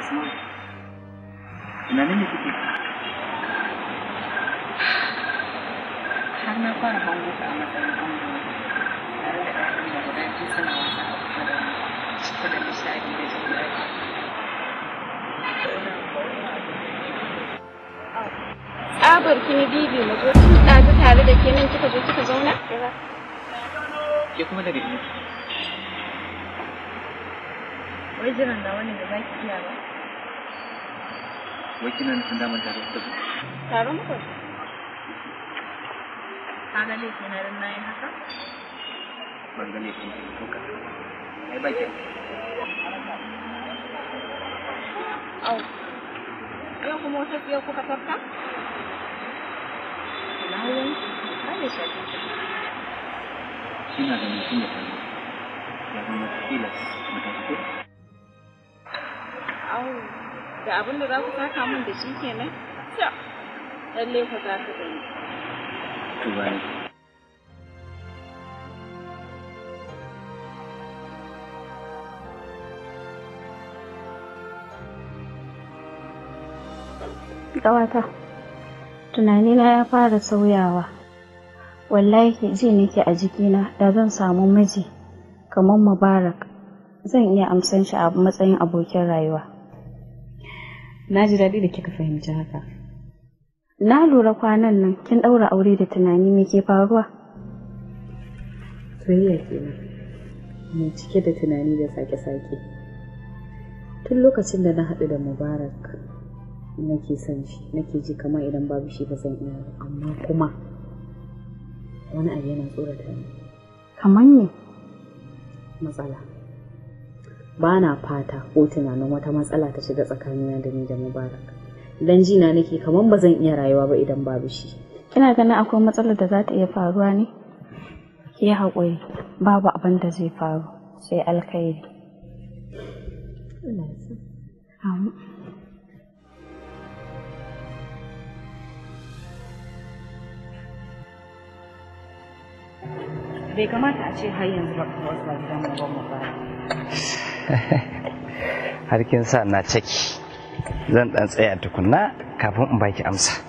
Asma, ina ne kike? Har na fara hango ka a matsayin ango tare da ɗan da guda biyu suna wasa a kusa da mu, kusa da nishadi da jin daɗi. Tsabar kini bibi mu zo ɗazu tare da ke nan kika zo kika zauna? Ke kuma daga ina? Wai jiran da wani da za ki iya ba. Wai kina nufin damar tare da ku? Tare muku. Ka na rin haka? Ban Ai ba ki. Au. yau kuma wata tsiya kuka Ina da mutum da ya zama Au, da abin da za ku saka min da shi kenan? Ta, lallai ku za ku gani. ƙawata tunanina ya fara sauyawa wallahi ji nake a jikina da zan samu miji kamar mubarak zan iya amsan shi a matsayin abokin rayuwa na ji daɗi da kika fahimci haka na lura kwanan nan kin ɗaura aure da tunani me ke faruwa soyayya kenan mai cike da tunani da sake-sake tun lokacin da na haɗu da mubarak nake son shi nake ji kamar idan babu shi ba zan iya amma kuma wani abu yana tsorata ni kamar ne matsala ba na fata ko tunanin wata matsala ta shiga tsakanina da ni da mubarak dan jina nake kamar ba zan iya rayuwa ba idan babu shi kina ganin akwai matsalar da za ta iya faruwa ne ki haƙuri babu abin da zai faru sai alkhairi bai kamata a ce har yanzu ba kin sa na ciki zan dan tsaya tukunna kafin in baki amsa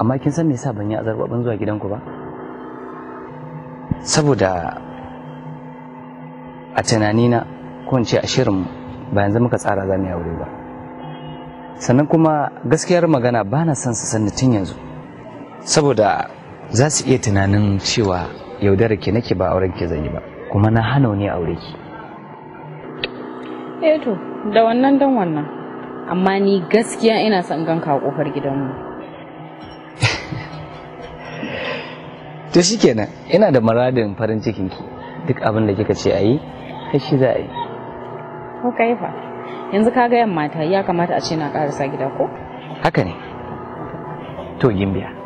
amma kin san me yasa ban yi ban zuwa gidanku ba saboda a tunanina ko in ce a shirin ba yanzu muka tsara za mu yi aure ba sannan kuma gaskiyar magana ba na son su sanni tun yanzu saboda za su iya tunanin cewa yaudara ke nake ba auren ki zan yi ba kuma na hana wani aure ki eh to da wannan dan wannan amma ni gaskiya ina son gan ka kofar gidanmu to shikenan ina da maradin farin cikin ki duk abin da kika ce ayi sai shi za a yi ko kai fa yanzu ka ga yamma ta ya kamata a ce na karasa gida ko haka ne to biya.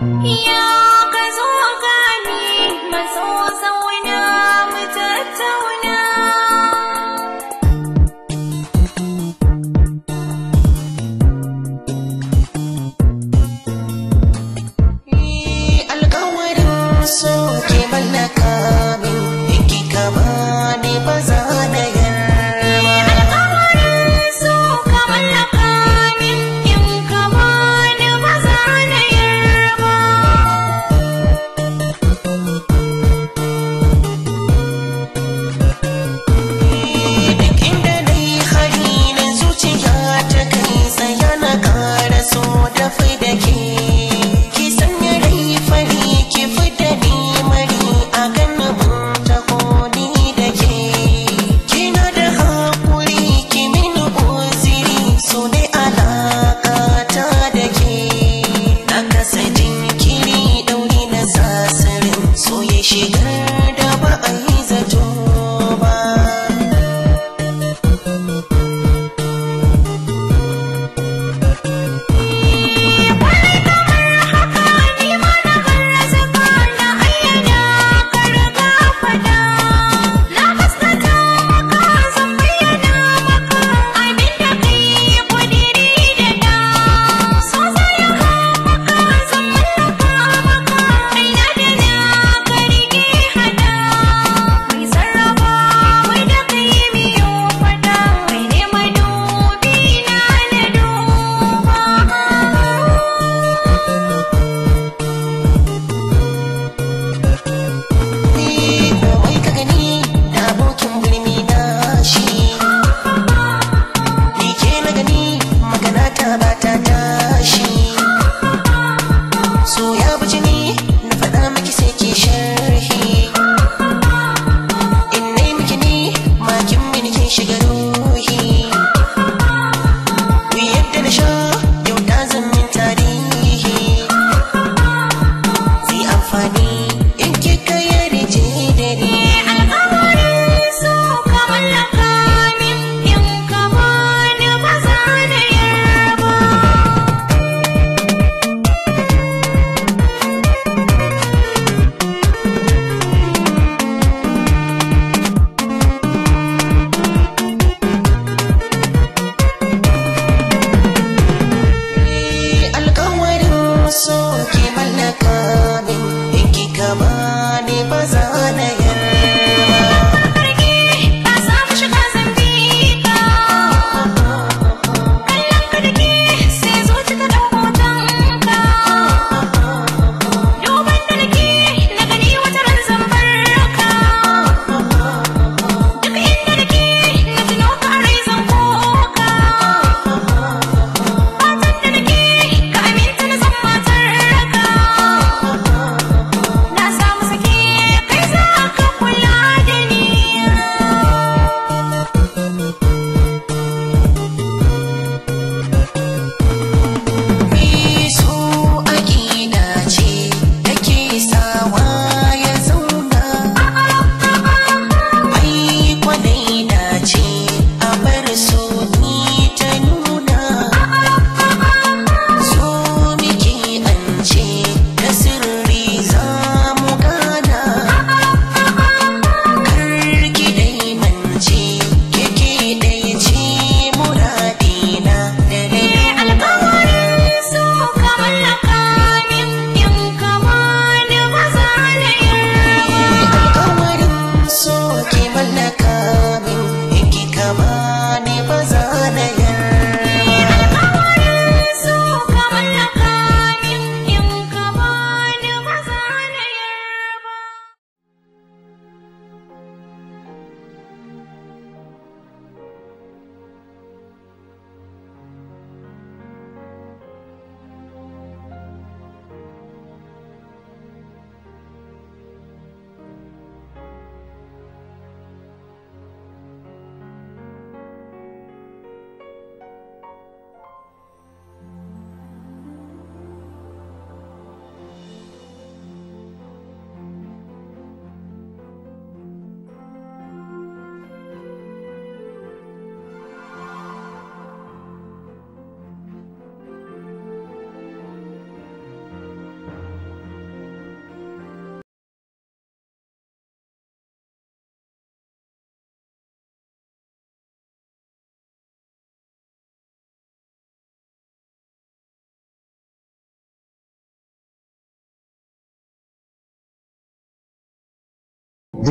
Yeah.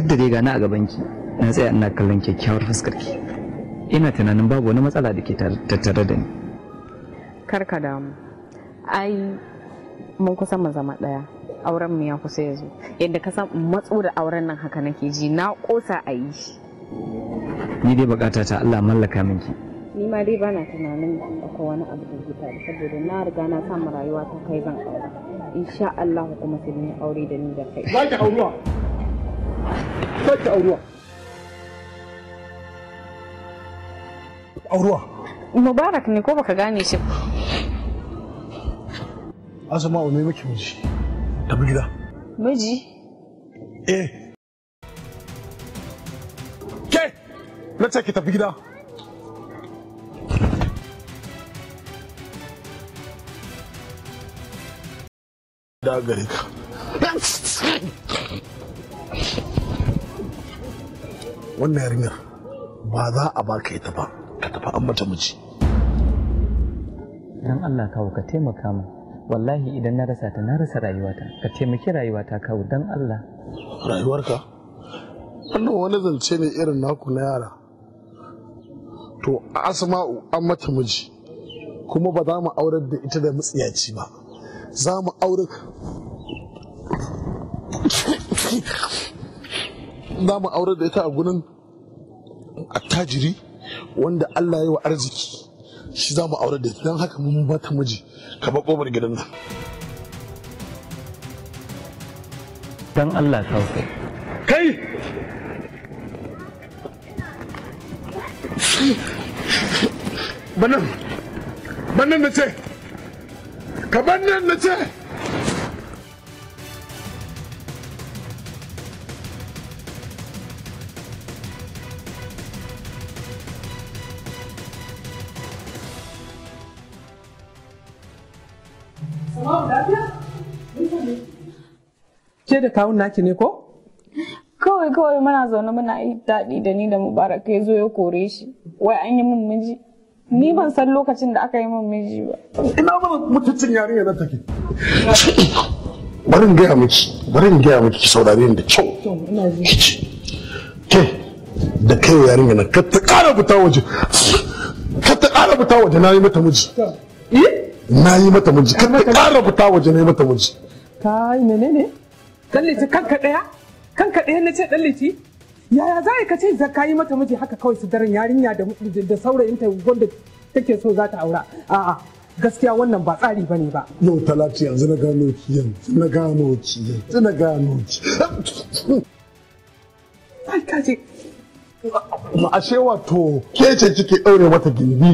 duk da dai gana a gaban ki na tsaya ina kallon kyakkyawar fuskar ki ina tunanin babu wani matsala da ke tattare da ni karka damu ai mun kusa mu zama daya auren mu ya kusa ya zo yadda ka san matso da auren nan haka nake ji na kosa a yi shi ni dai bukata ta Allah mallaka minki ni ma dai bana tunanin akwai wani abu da ke tare saboda na riga na samu rayuwa ta kai zan aure insha Allah kuma sai ni aure da ni da kai zaki aurewa Sake auruwa. Auruwa. Mubarak ne ko baka gane shi ba. Asma ne miki miji. Tafi gida. Miji? Eh. Ke! Na ce ki tafi gida. Da gare ka. wannan yarinyar ba za a baka ita ba ka tafi an mata miji dan Allah kawo ka taimaka min wallahi idan na rasa ta na rasa rayuwata ka taimaki rayuwata kawo dan Allah rayuwarka wannan wani zance ne irin naku na yara to asma'u an mata miji kuma ba za mu aurar da ita da matsiyaci ba za mu aurar za mu aure da ita a gurin attajiri wanda Allah ya wa arziki shi za mu aure da ita don haka mun bata miji ka ba kobar gidan nan dan Allah sauke kai banan banan na ce ka banan na ce ce da kawun naki ne ko kawai kawai muna zaune muna yi daɗi da ni da mubarak ya zo ya kore shi wai an yi min miji ni ban san lokacin da aka yi min miji ba ina mana mutuncin yarinya nan take bari in gaya miki bari in gaya miki ki saurare ni da kyau ke da kai yarinya na, ka ta ƙara fita waje ka ta ƙara fita waje na yi mata miji eh? na yi mata miji ka ta ƙara fita waje na yi mata miji kai menene dan kanka daya kanka daya na ce dan yaya za ka ce zakka yi mata miji haka kawai su daren yarinya da da saurayinta wanda take so za ta aura a'a gaskiya wannan ba tsari ba ne ba yau talati yanzu na gano ki yanzu na gano ki yanzu na gano ki ai kaje ma ashe wato ke ce kike daure mata gindi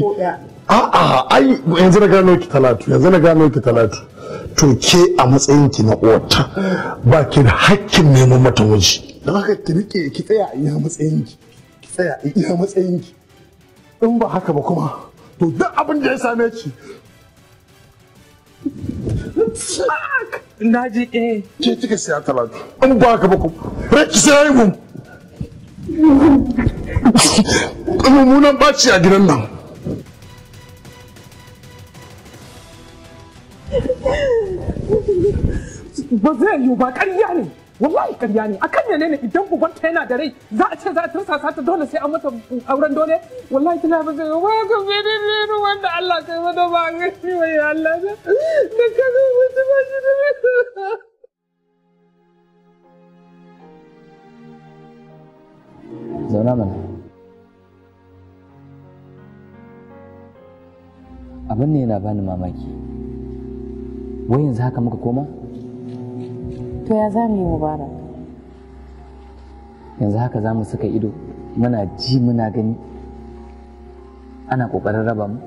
a'a ai yanzu na gano ki talatu yanzu na gano ki talatu to ke a matsayin ki na uwarta ba ki da hakkin neman mata waje don haka ki rike ki tsaya a iya matsayin ki ki tsaya a iya matsayin ki in ba haka ba kuma to duk abin da ya same ki na ji eh ke kika siya talatu in ba haka ba kuma rake sai mu ba ci a gidan nan ba zai yiwu ba ƙarya ne wallahi ƙarya ne akan ne idan uban yana da rai za a ce za a tursa dole sai an mata auren dole wallahi tana ba zai wanda Allah ba Allah da ka mutu ba shi da Zauna mana. Abin ne yana bani mamaki. wai yanzu haka muka koma to ya za mu yi mubarak yanzu haka za mu saka ido muna ji muna gani ana ƙoƙarin raba mu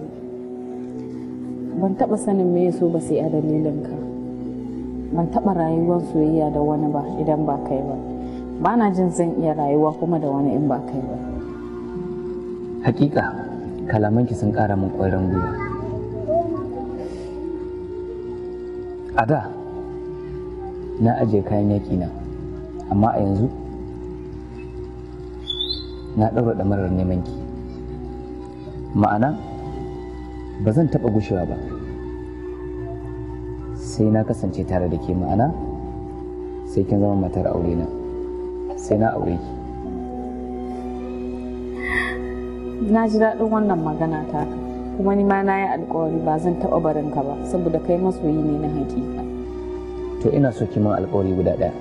ban taɓa sanin me so ba sai a dalilinka ban taɓa rayuwar soyayya da wani ba idan ba kai ba ba na jin zan iya rayuwa kuma da wani in ba kai ba hakika kalamanki sun ƙara min ƙwarin gwiwa a da na ajiye kayan yaƙi na amma a yanzu na ɗaura ɗamarar neman ki ma'ana ba zan taɓa gushewa ba sai na kasance tare da ke ma'ana sai kin zama matar aure na sai na aure ki na ji daɗin wannan magana ta ka. kuma ni ma na yi alkawari ba zan taɓa barin ka ba saboda kai masoyi ne na hakika to ina so ki min alkawari guda ɗaya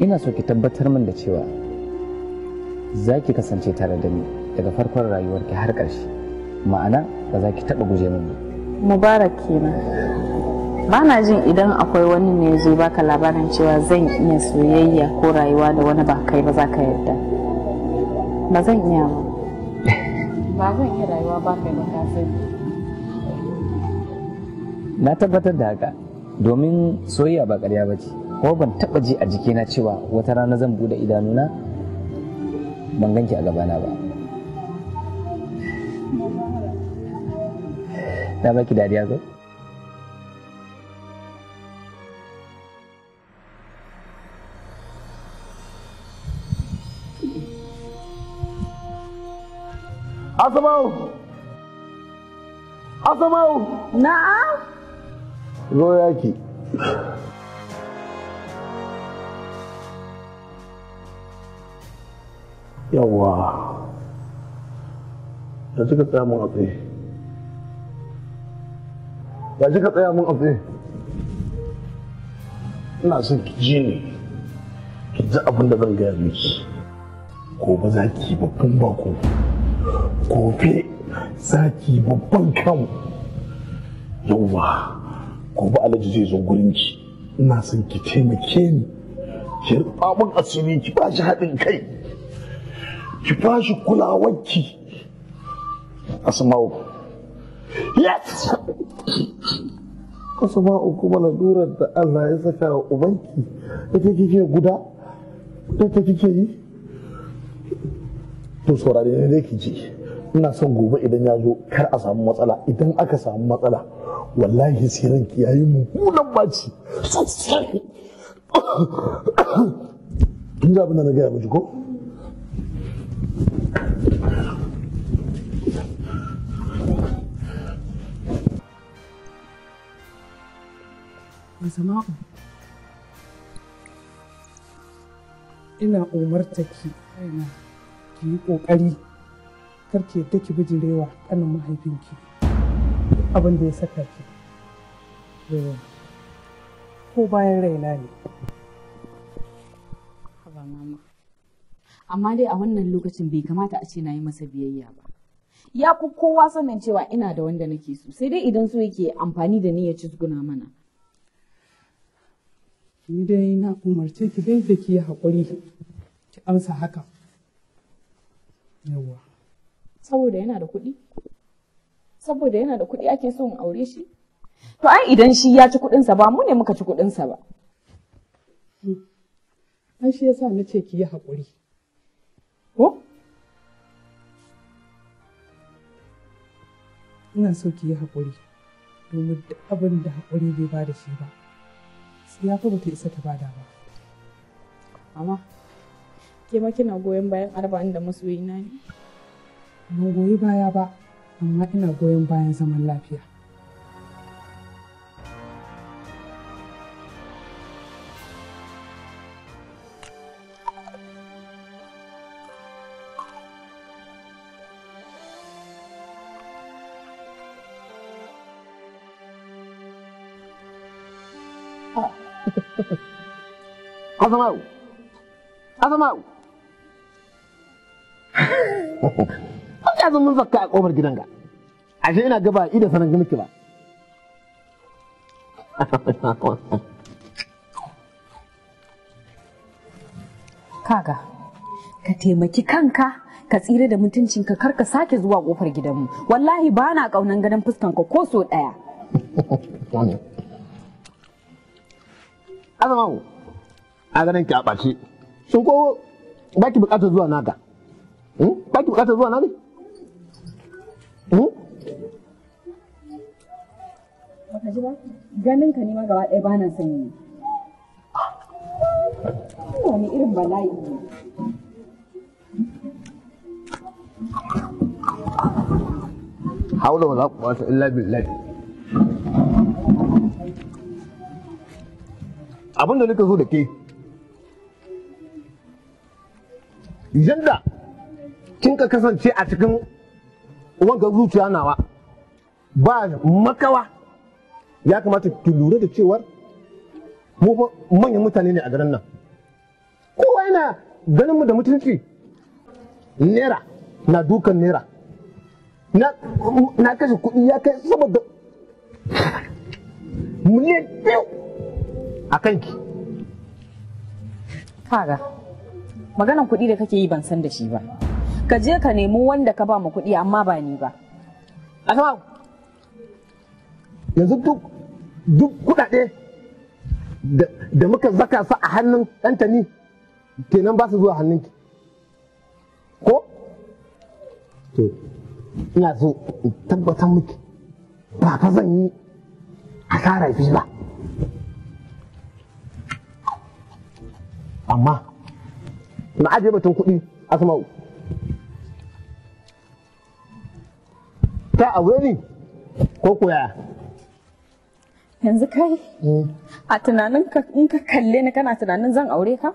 ina so ki tabbatar min da cewa za ki kasance tare da ni daga farkon rayuwarki har ƙarshe ma'ana ba za ki taɓa guje min ba mubarak kenan ba na jin idan akwai wani ne zai baka labarin cewa zan iya soyayya ko rayuwa da wani ba kai ba za ka yarda ba zan iya ba ba rayuwa ba da na tabbatar da haka domin soyayya ba ƙarya ba ce ko ban taɓa ji a jikina cewa wata rana zan buɗe idanuna ban ganki a gabana ba na baki dariya zai? Asama'u! Asama'u! Na'a? Zo yaki. Yawwa. ya cika tsaya mun a Ya Da kika tsaya mun a Ina son ki ji ne. Ki ji abin da zan gaya miki. ba za ki babban bako. gobe zaki babban kamu yauwa gobe alhaji zai zo gurin ki ina son ki taimake ni ki rufa min asiri ki ba shi haɗin kai ki ba shi kulawarki asma'u yes asma'u kuma lalurar da Allah ya saka wa ubanki ita kike guda ita kike yi to saurare ne da ki ji ina son gobe idan ya zo kar a samu matsala idan aka samu matsala wallahi sai ranki yayi mummunan baci kin ji abin da na gaya miki ko ina umarta ki ki yi ƙoƙari kar ki yadda ki bijirewa ƙanin mahaifinki abin da ya saka ki ko bayan raina ne amma dai a wannan lokacin bai kamata a ce na yi masa biyayya ba ya ku kowa sanin cewa ina da wanda nake so sai dai idan so yake amfani da ni ya cizguna mana ni dai na umarce ki dai da ki yi haƙuri ki amsa haka Yawwa. Saboda yana da kuɗi? Saboda yana da kuɗi ake so in aure shi? To ai idan shi ya ci kuɗinsa ba mu ne muka ci kuɗinsa ba. Hmm. An shi yasa na ce ki yi haƙuri. Ko? Ina so ki yi haƙuri domin duk abin da haƙuri bai ba da shi ba. Sai ya fa ta isa ta bada ba. Amma ke ma kina goyon bayan arba'in da masoyi na ne ban goyi baya ba amma ina goyon bayan zaman lafiya Azamau! Azamau! ya zama zakka a kofar gidanka ashe ina gaba idan sanar miki ba kaga ka taimaki kanka ka tsira da mutuncinka kar ka sake zuwa kofar gidanmu wallahi ba na kaunan ganin fuskanka ko so daya azama a ganin ki a ɓace sun ko ba ki bukatar zuwa naka Eh? baki bukatar zuwa na ne ganin ka ne gaba ɗaya bana sanyi yi eh? wani irin bala'i ne haula illa billahi abinda nika zo da ke yanda kin ka kasance a cikin wanga zuciya nawa ba makawa ya kamata ki lura da cewar mu manyan mutane ne a garin nan kowa yana ganin mu da mutunci naira na dukan naira na kashe kuɗi ya kai saboda ne biyu a kanki kaga maganan kuɗi da kake yi ban san da shi ba ka je ka nemi wanda ka ba mu kuɗi amma ba ni ba asma'u yanzu duk kuɗaɗe da muka zaka su a hannun ɗantani kenan ba su zuwa hannunki ko to ina so in tabbatar miki ba ka zan yi asara fi ba amma na ajiye batun kuɗi asma'u ta aure ne ko koya yanzu kai eh. a tunanin ka in ka kalle ni kana tunanin zan aure ka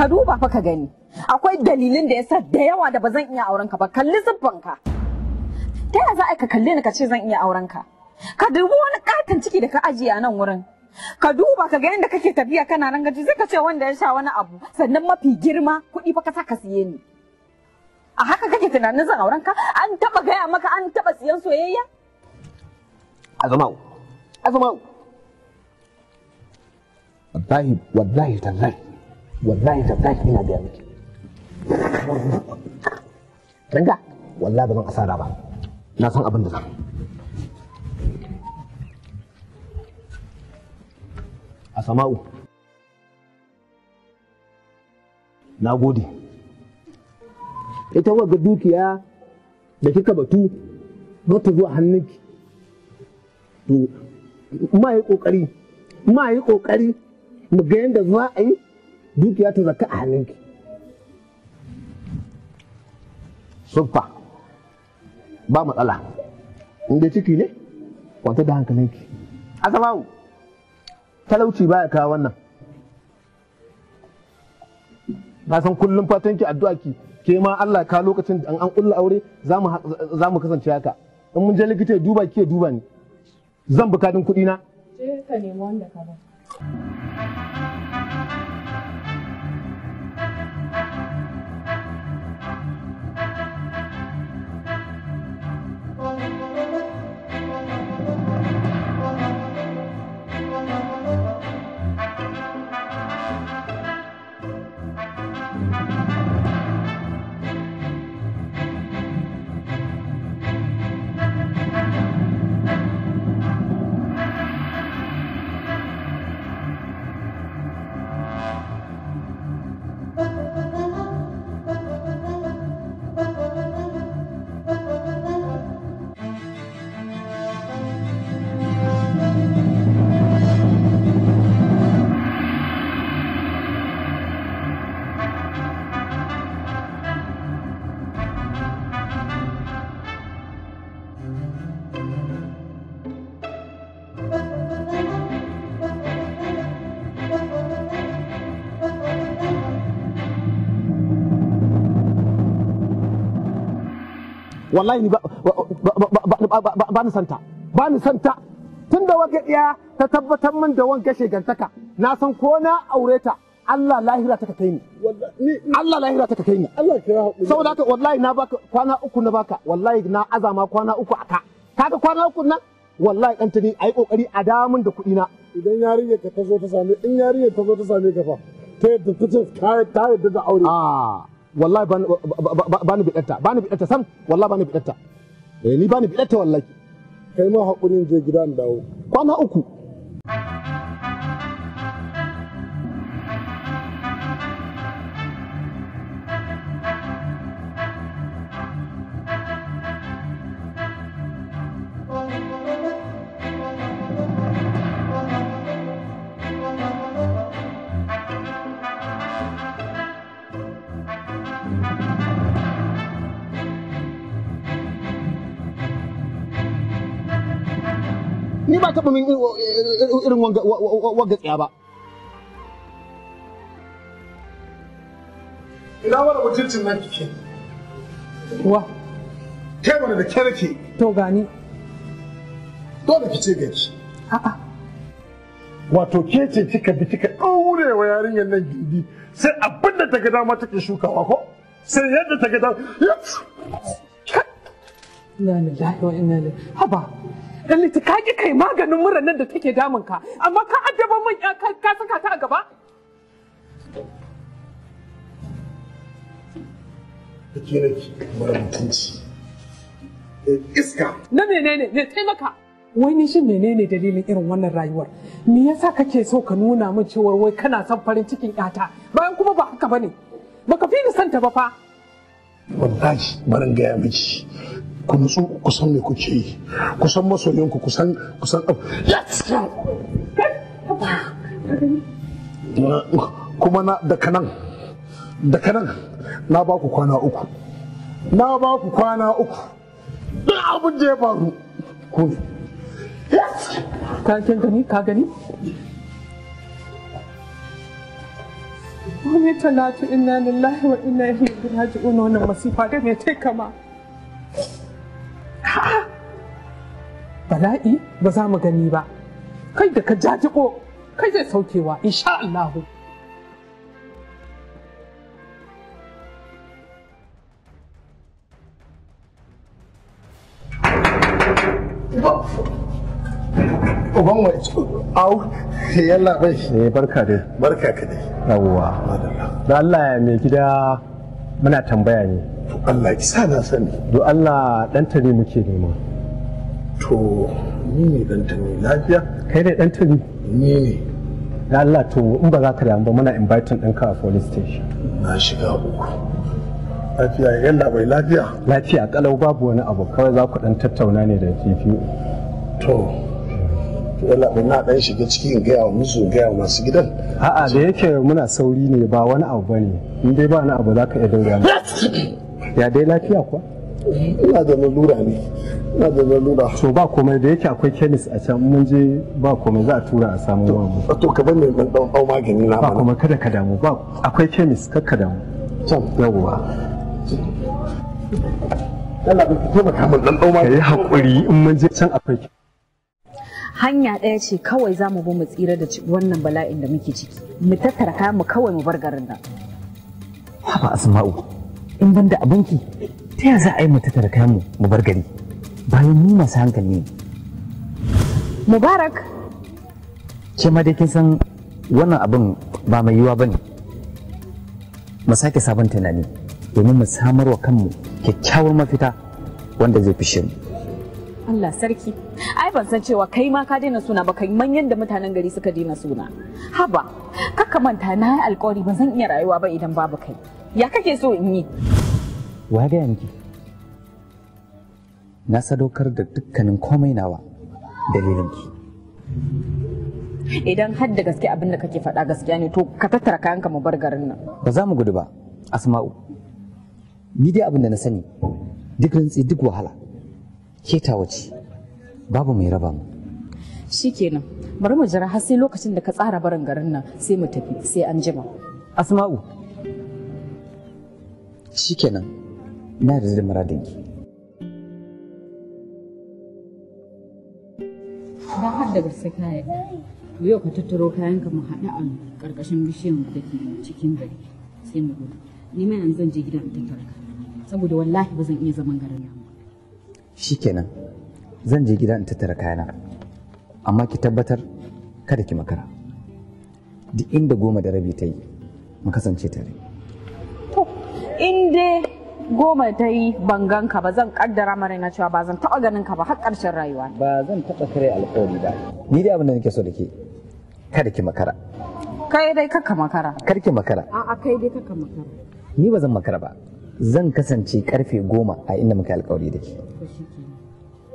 ka duba fa ka gani akwai dalilin da yasa da yawa da ba zan iya auren ka ba kalli zubban ka ta yaya za a ka kalle ni ka ce zan iya auren ka ka dubi wani katon ciki da ka ajiye a nan wurin ka duba ka ga yadda kake tafiya kana nan gaji sai ka ce wanda ya sha wani abu sannan mafi girma kuɗi fa ka sa ka siye ni a haka kake tunanin zan auren ka an taba gaya maka an taba siyan soyayya azumau azumau wallahi wallahi tallahi wallahi tallahi ina gaya miki Ranga, wallahi ba zan asara ba. Na san abin da zan. Asama'u. Na gode. ita ga dukiya da kika batu ba ta zuwa hannunki to ma yi kokari ma yi kokari mu ga yanda za a yi dukiya ta zaka a hannunki Sufa, ba matsala inda ciki ne kwanta da hankalinki asabawu talauci baya kawo wannan na san kullum fatanki addu'a ki ke ma Allah ka lokacin da an kulla aure za mu kasance haka in mun je likita ya duba ke duba ni zan bukatun kuɗi na ka nemi wanda ka ba wallahi ni ba ni santa ba ni santa tun da waga ɗaya ta tabbatar min da wanga shegantaka na san ko na aure ta Allah lahira ta kai ni Allah lahira ta kai ni saboda haka wallahi na baka kwana uku na baka wallahi na azama kwana uku aka kaga kwana uku nan wallahi dan tani ayi kokari a damun da kuɗi na idan yarinyar ka ta zo ta same in yarinyar ta zo ta same ka fa ta yadda ta ta yadda da aure ah. wallahi ba ni bidatta ba ni bidatta sam wallahi ba ni bidatta eh ni ba ni bidatta wallahi kai ma hakurin je gidan dawo kwana uku ni ba taɓa min irin wanga tsaya ba. Ina wani mutuncin nan kike? Wa? Kai mana da ke nake. To gani. Dole ki ce gaji. A'a. Wato ke ce kika bi kika ɗaure wa yarinyar nan gindi sai abin da ta gada dama take shukawa ko? Sai yadda ta ga yadda. Ina lillahi wa ina ilaihi. Haba. Lallita ka ki kai maganin murar nan da take damun ka, amma ka addaba mun eh, ka saka ta a gaba? Kake nake mara mutunci. Eh, iska. Na menene ne taimaka. Wai ni shin menene dalilin irin wannan rayuwar? Me yasa kake so ka nuna min cewa wai kana son farin cikin ƴata bayan kuma ba haka bane. Baka fi ni santa ba fa. Wallahi barin gaya miki ku nutsu ku san me kuke yi ku san masoyinku ku san ku san kuma na daga nan daga nan na ba ku kwana uku na ba ku kwana uku duk abin da ya faru ku ne ka gani ka gani wani talatu inna lillahi wa inna ilaihi raji'un wannan masifa da ne kai kama bala'i ba za mu gani ba kai da ka jajiko kai zai saukewa insha Allah da Allah ya mai gida muna tambaya ne Allah ki sa na sani do Allah dan tare muke nema to ni ne dan tare lafiya kai ne dan tare ni ne da Allah to in ba za ka da ba muna inviting ɗinka a police station na shiga uku lafiya yalla bai lafiya lafiya kalau babu wani abu kawai za ku dan tattauna ne da fifi to wala na dan shiga ciki in gaya wa musu gaya wa masu gidan a'a da yake muna sauri ne ba wani abu bane in dai ba wani abu za ka iya daura ya dai lafiya kuwa ina da lalura ne ina da lalura to ba komai da yake akwai kemis a can mun je ba komai za a tura a samu wa to ka bani dan dan magani na ba komai kada ka damu ba akwai kemis kar ka damu can yawwa Allah ka taimaka dan dau magani kai hakuri in mun je can akwai hanya ɗaya ce kawai za mu bi mu tsira da wannan bala'in da muke ciki mu tattara kayan mu kawai mu bar garin nan haba asma'u in ban da abinki ta ya za a yi mu tara kayan mu bar gari bayan mu masu hankali ne mubarak ke ma dai kin san wannan abin ba mai yiwuwa bane mu sake sabon tunani domin mu samar wa kanmu kyakkyawar mafita wanda zai fishe mu Allah sarki ai ban san cewa kai ma ka daina suna ba kai manyan da mutanen gari suka daina suna haba ka manta na yi alkawari ba zan iya rayuwa ba idan babu kai ya kake so in yi wa ga yanki na sadaukar da dukkanin komai nawa dalilinki idan har da gaske abin da kake faɗa gaskiya ne to ka tattara kayanka mu bar garin nan ba za mu gudu ba asma'u ni dai abin da na sani duk rantsi duk wahala ke wace babu mai raba mu kenan bari mu jira har sai lokacin da ka tsara barin garin nan sai mu tafi sai an jima asma'u shikenan na da muradin ki dan har da gaske ka yau ka tattaro kayan ka mu haɗa a ƙarƙashin bishiyan da ke cikin gari sai mu gudu ni mai yanzu zan je gidan in tattara ka saboda wallahi ba zan iya zaman garin nan shikenan zan je gidan in tattara kayana amma ki tabbatar kada ki makara duk inda goma da rabi ta yi mu kasance tare in dai goma ta yi bangan ka ba zan kaddara mara na cewa ba zan taba ganin ka ba har karshen rayuwa ba zan taba kare alƙawari ba ni dai abin da nake so da ke kada ki makara kai dai kaka makara kar ki makara a kai dai kaka makara ni ba zan makara ba zan kasance karfe goma a inda muka alƙawari da ke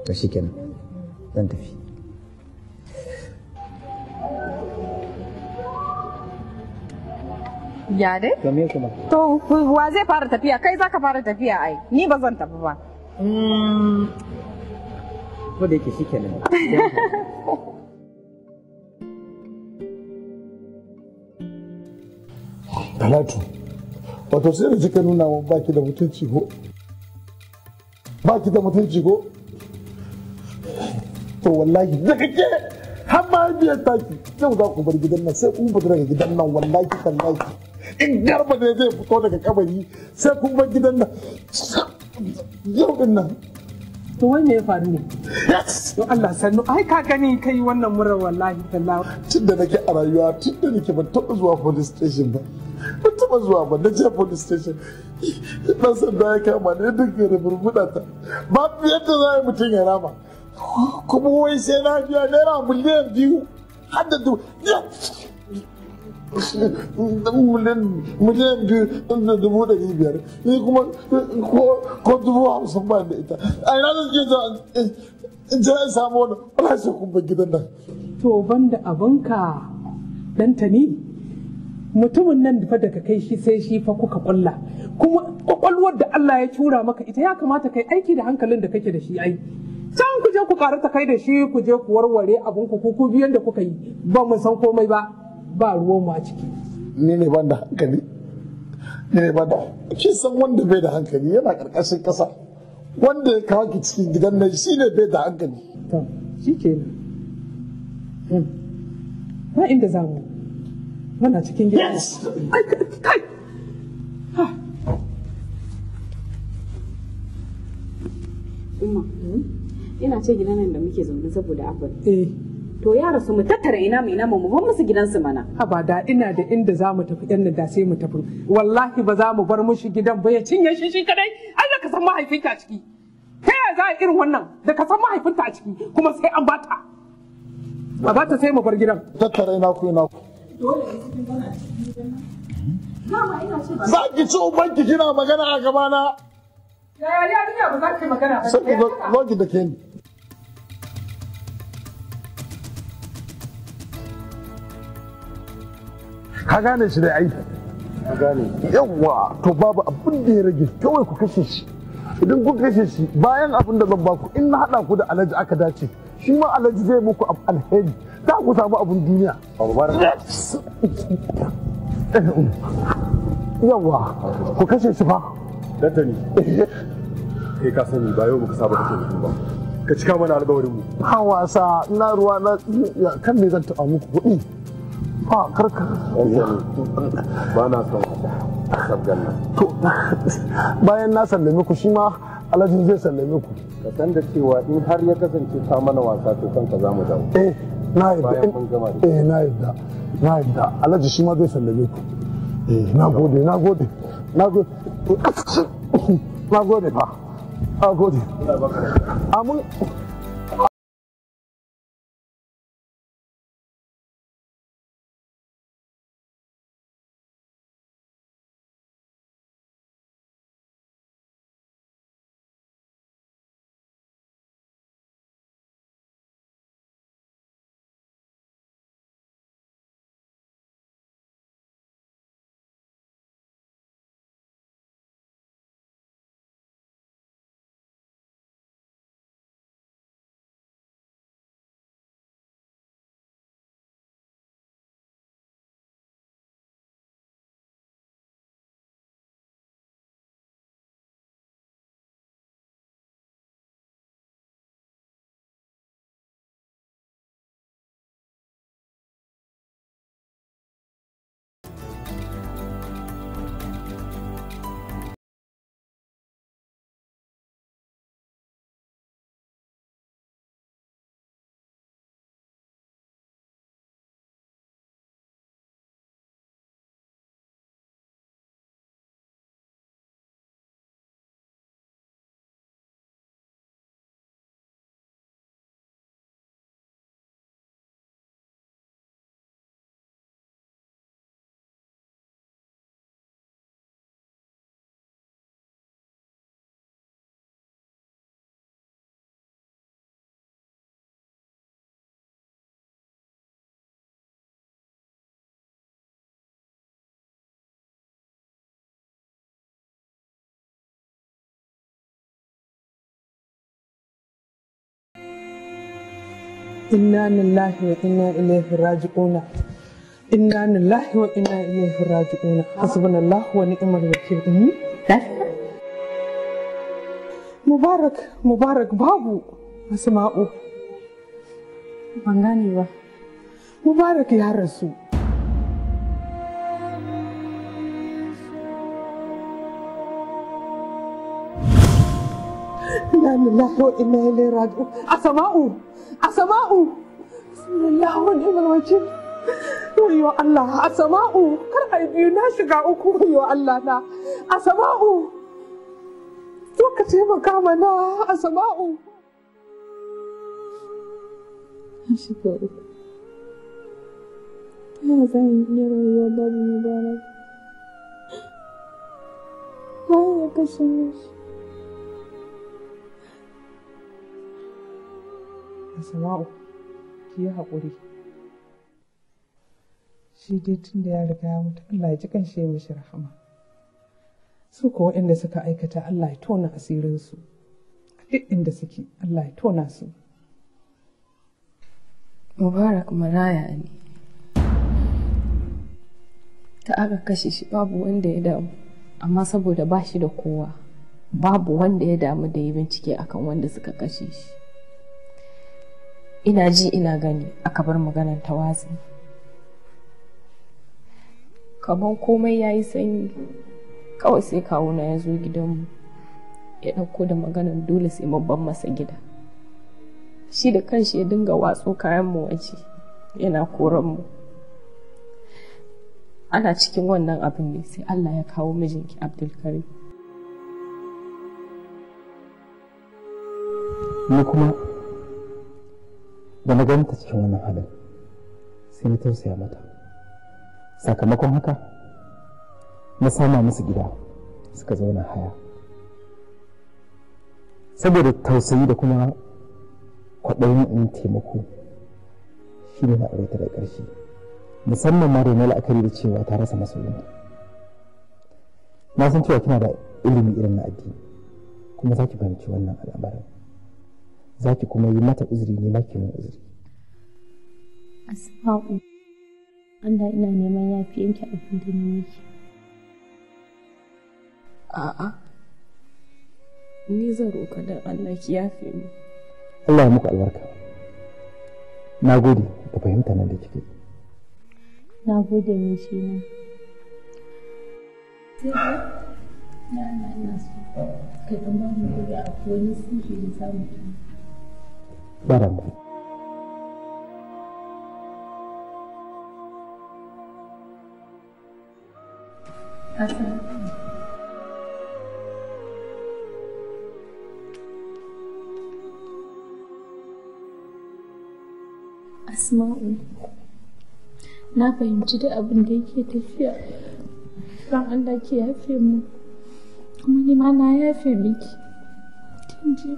to shikenan zan tafi ya dai to me kuma? To wa zai fara tafiya kai zaka fara tafiya ai ni ba zan tafi ba mm. ko da yake shi kenan. Talatu, wato sai da kika nuna wa baki da mutunci ko? Baki da mutunci ko? To wallahi da kake har ma biyar taki, yau za ku bar gidan nan sai kun fita daga gidan nan wallahi tallahi. in garba ne zai fito daga kabari sai kun bar gidan nan yau din nan to wai me ya faru ne don Allah sannu ai ka gani kai wannan murar wallahi tallahi tun da nake a rayuwa tun da nake ban taɓa zuwa police station ba ban taɓa zuwa ba na je police station dan sanda ya kama ne duk da burbuɗa ta ba yadda za a yi mutum ya rama kuma wai sai na biya naira miliyan biyu har da dubu miliyan biyu da dubu ɗari biyar ni kuma ko dubu hamsin ba da ita a ina zan iya zuwa in je in samu wani rashin ba gidan nan. to ban da abinka ɗanta ne mutumin nan fa daga kai shi sai shi fa kuka kulla kuma kwakwalwar da Allah ya cura maka ita ya kamata kai aiki da hankalin da kake da shi ai can ku je ku karata kai da shi ku je ku warware abin ku ku biyan da kuka yi ba mu san komai ba ba ruwanmu a ciki ni ne ban da hankali ni ne ban da kin san wanda bai da hankali yana karkashin kasa wanda ya kawo ki cikin gidan nan shi ne bai da hankali to shi ke nan ba inda za mu muna cikin gidan yes ai kai Umma, hmm? ina ce gidan nan da muke zaune saboda abin. Eh. to yara su mu tattara ina mu ina mu mu musu gidansu mana haba da ina da inda za mu tafi yan da sai mu tafi wallahi ba za mu bar mushi gidan ba ya cinye shi shi kadai Allah ka san mahaifinta a ciki ta yaya za a irin wannan da ka san mahaifinta a ciki kuma sai an bata a bata sai mu bar gidan tattara ina ku ina ku za ki ci ubanki kina magana a gabana yaya ne ba za ki magana ba sai ki zo ki da ke ni ka gane shi da ai ka gane to babu abin da ya rage kawai ku kashe shi idan ku kashe shi bayan abin da zan baku in na haɗa ku da alhaji aka dace shi ma alhaji zai muku alheri za ku samu abin duniya yawa ku kashe shi fa dattani kai ka sani ba yau muka saba ba ka cika mana alƙawarin mu ha wasa ina ruwa na kan me zan taɓa muku kuɗi a ah, karka ba na son to bayan na sallame ku shi ma alhaji zai sallame ku ka san da cewa in har ya kasance ta mana wasa to ka za mu dawo eh na yadda eh na yadda na yadda alhaji shi ma zai sallame ku eh na gode na gode na gode na gode na gode inna lillahi wa inna ilaihi raji'una inna lillahi wa inna ilaihi raji'una hasbunallahu wa ni'mal wakeel hmm? mubarak mubarak babu asma'u ban gane ba mubarak ya rasu inna lillahi wa inna ilaihi raji'un asma'u Asama'u. Bismillah wa ni'mal wakil. Wayo Allah, Asama'u, kar a biyu na shiga uku wayo Allah na. Asama'u. To ka taimaka mana Asama'u. Na shiga uku. Ta yaya zan yi rayuwa babu mubarak? Waye ya kashe mishi? Asama'u, ki yi haƙuri. Shi dai tun da ya riga ya mutu Allah ya ji kanshi ya mishi rahama. Su ko waɗanda suka aikata Allah ya tona asirinsu. Duk inda suke Allah ya tona su. Mubarak maraya ne. Ta aka kashe shi babu wanda ya damu, amma saboda ba shi da kowa, babu wanda ya damu da yi bincike akan wanda suka kashe shi. ina ji ina gani aka bar maganar tawazi kamar komai ya yi sanyi kawai sai kawuna ya zo gidanmu ya ɗauko da maganar dole sai babban masa gida shi da kanshi ya dinga watso kayanmu waje yana koranmu ana cikin wannan abin ne sai allah ya kawo mijinki abdulkarim ni kuma da na ganta cikin wannan halin sai na tausaya mata sakamakon haka na sama musu gida suka zauna haya saboda tausayi da kuma kwaɗayin in taimako shi ne na aureta da ƙarshe musamman ma da la'akari da cewa ta rasa masoyinta na san cewa kina da ilimi irin na addini kuma za ki fahimci wannan al'amarin za ki kuma yi mata uzuri ne maki min uzuri asma'u Allah ina neman yafiyanki abin da ni miki a'a ni zan roka da Allah ki yafe ni Allah ya muku albarka na gode da fahimta nan da kike na gode ne shi na na na ina so kai kan ba mu gobe kowane sun sirri da kuma. barangu Asma'u na fahimci da abin da yake tafiya ran Allah ke yafe mu kuma ni ma na yafe miki kin ji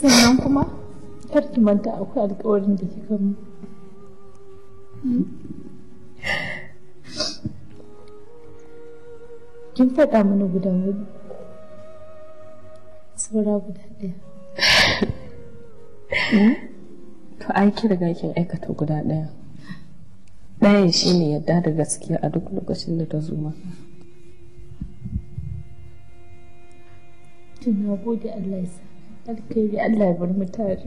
sannan kuma ki manta akwai alkawarin da kika mu kin faɗa mana guda wani. saura guda ɗaya hmm? to ai ki riga kin aikata guda ɗaya ɗayan ne yadda da gaskiya a duk lokacin da ta zo maka tuna gode Allah ya sa alkhairi Allah ya bar mu tare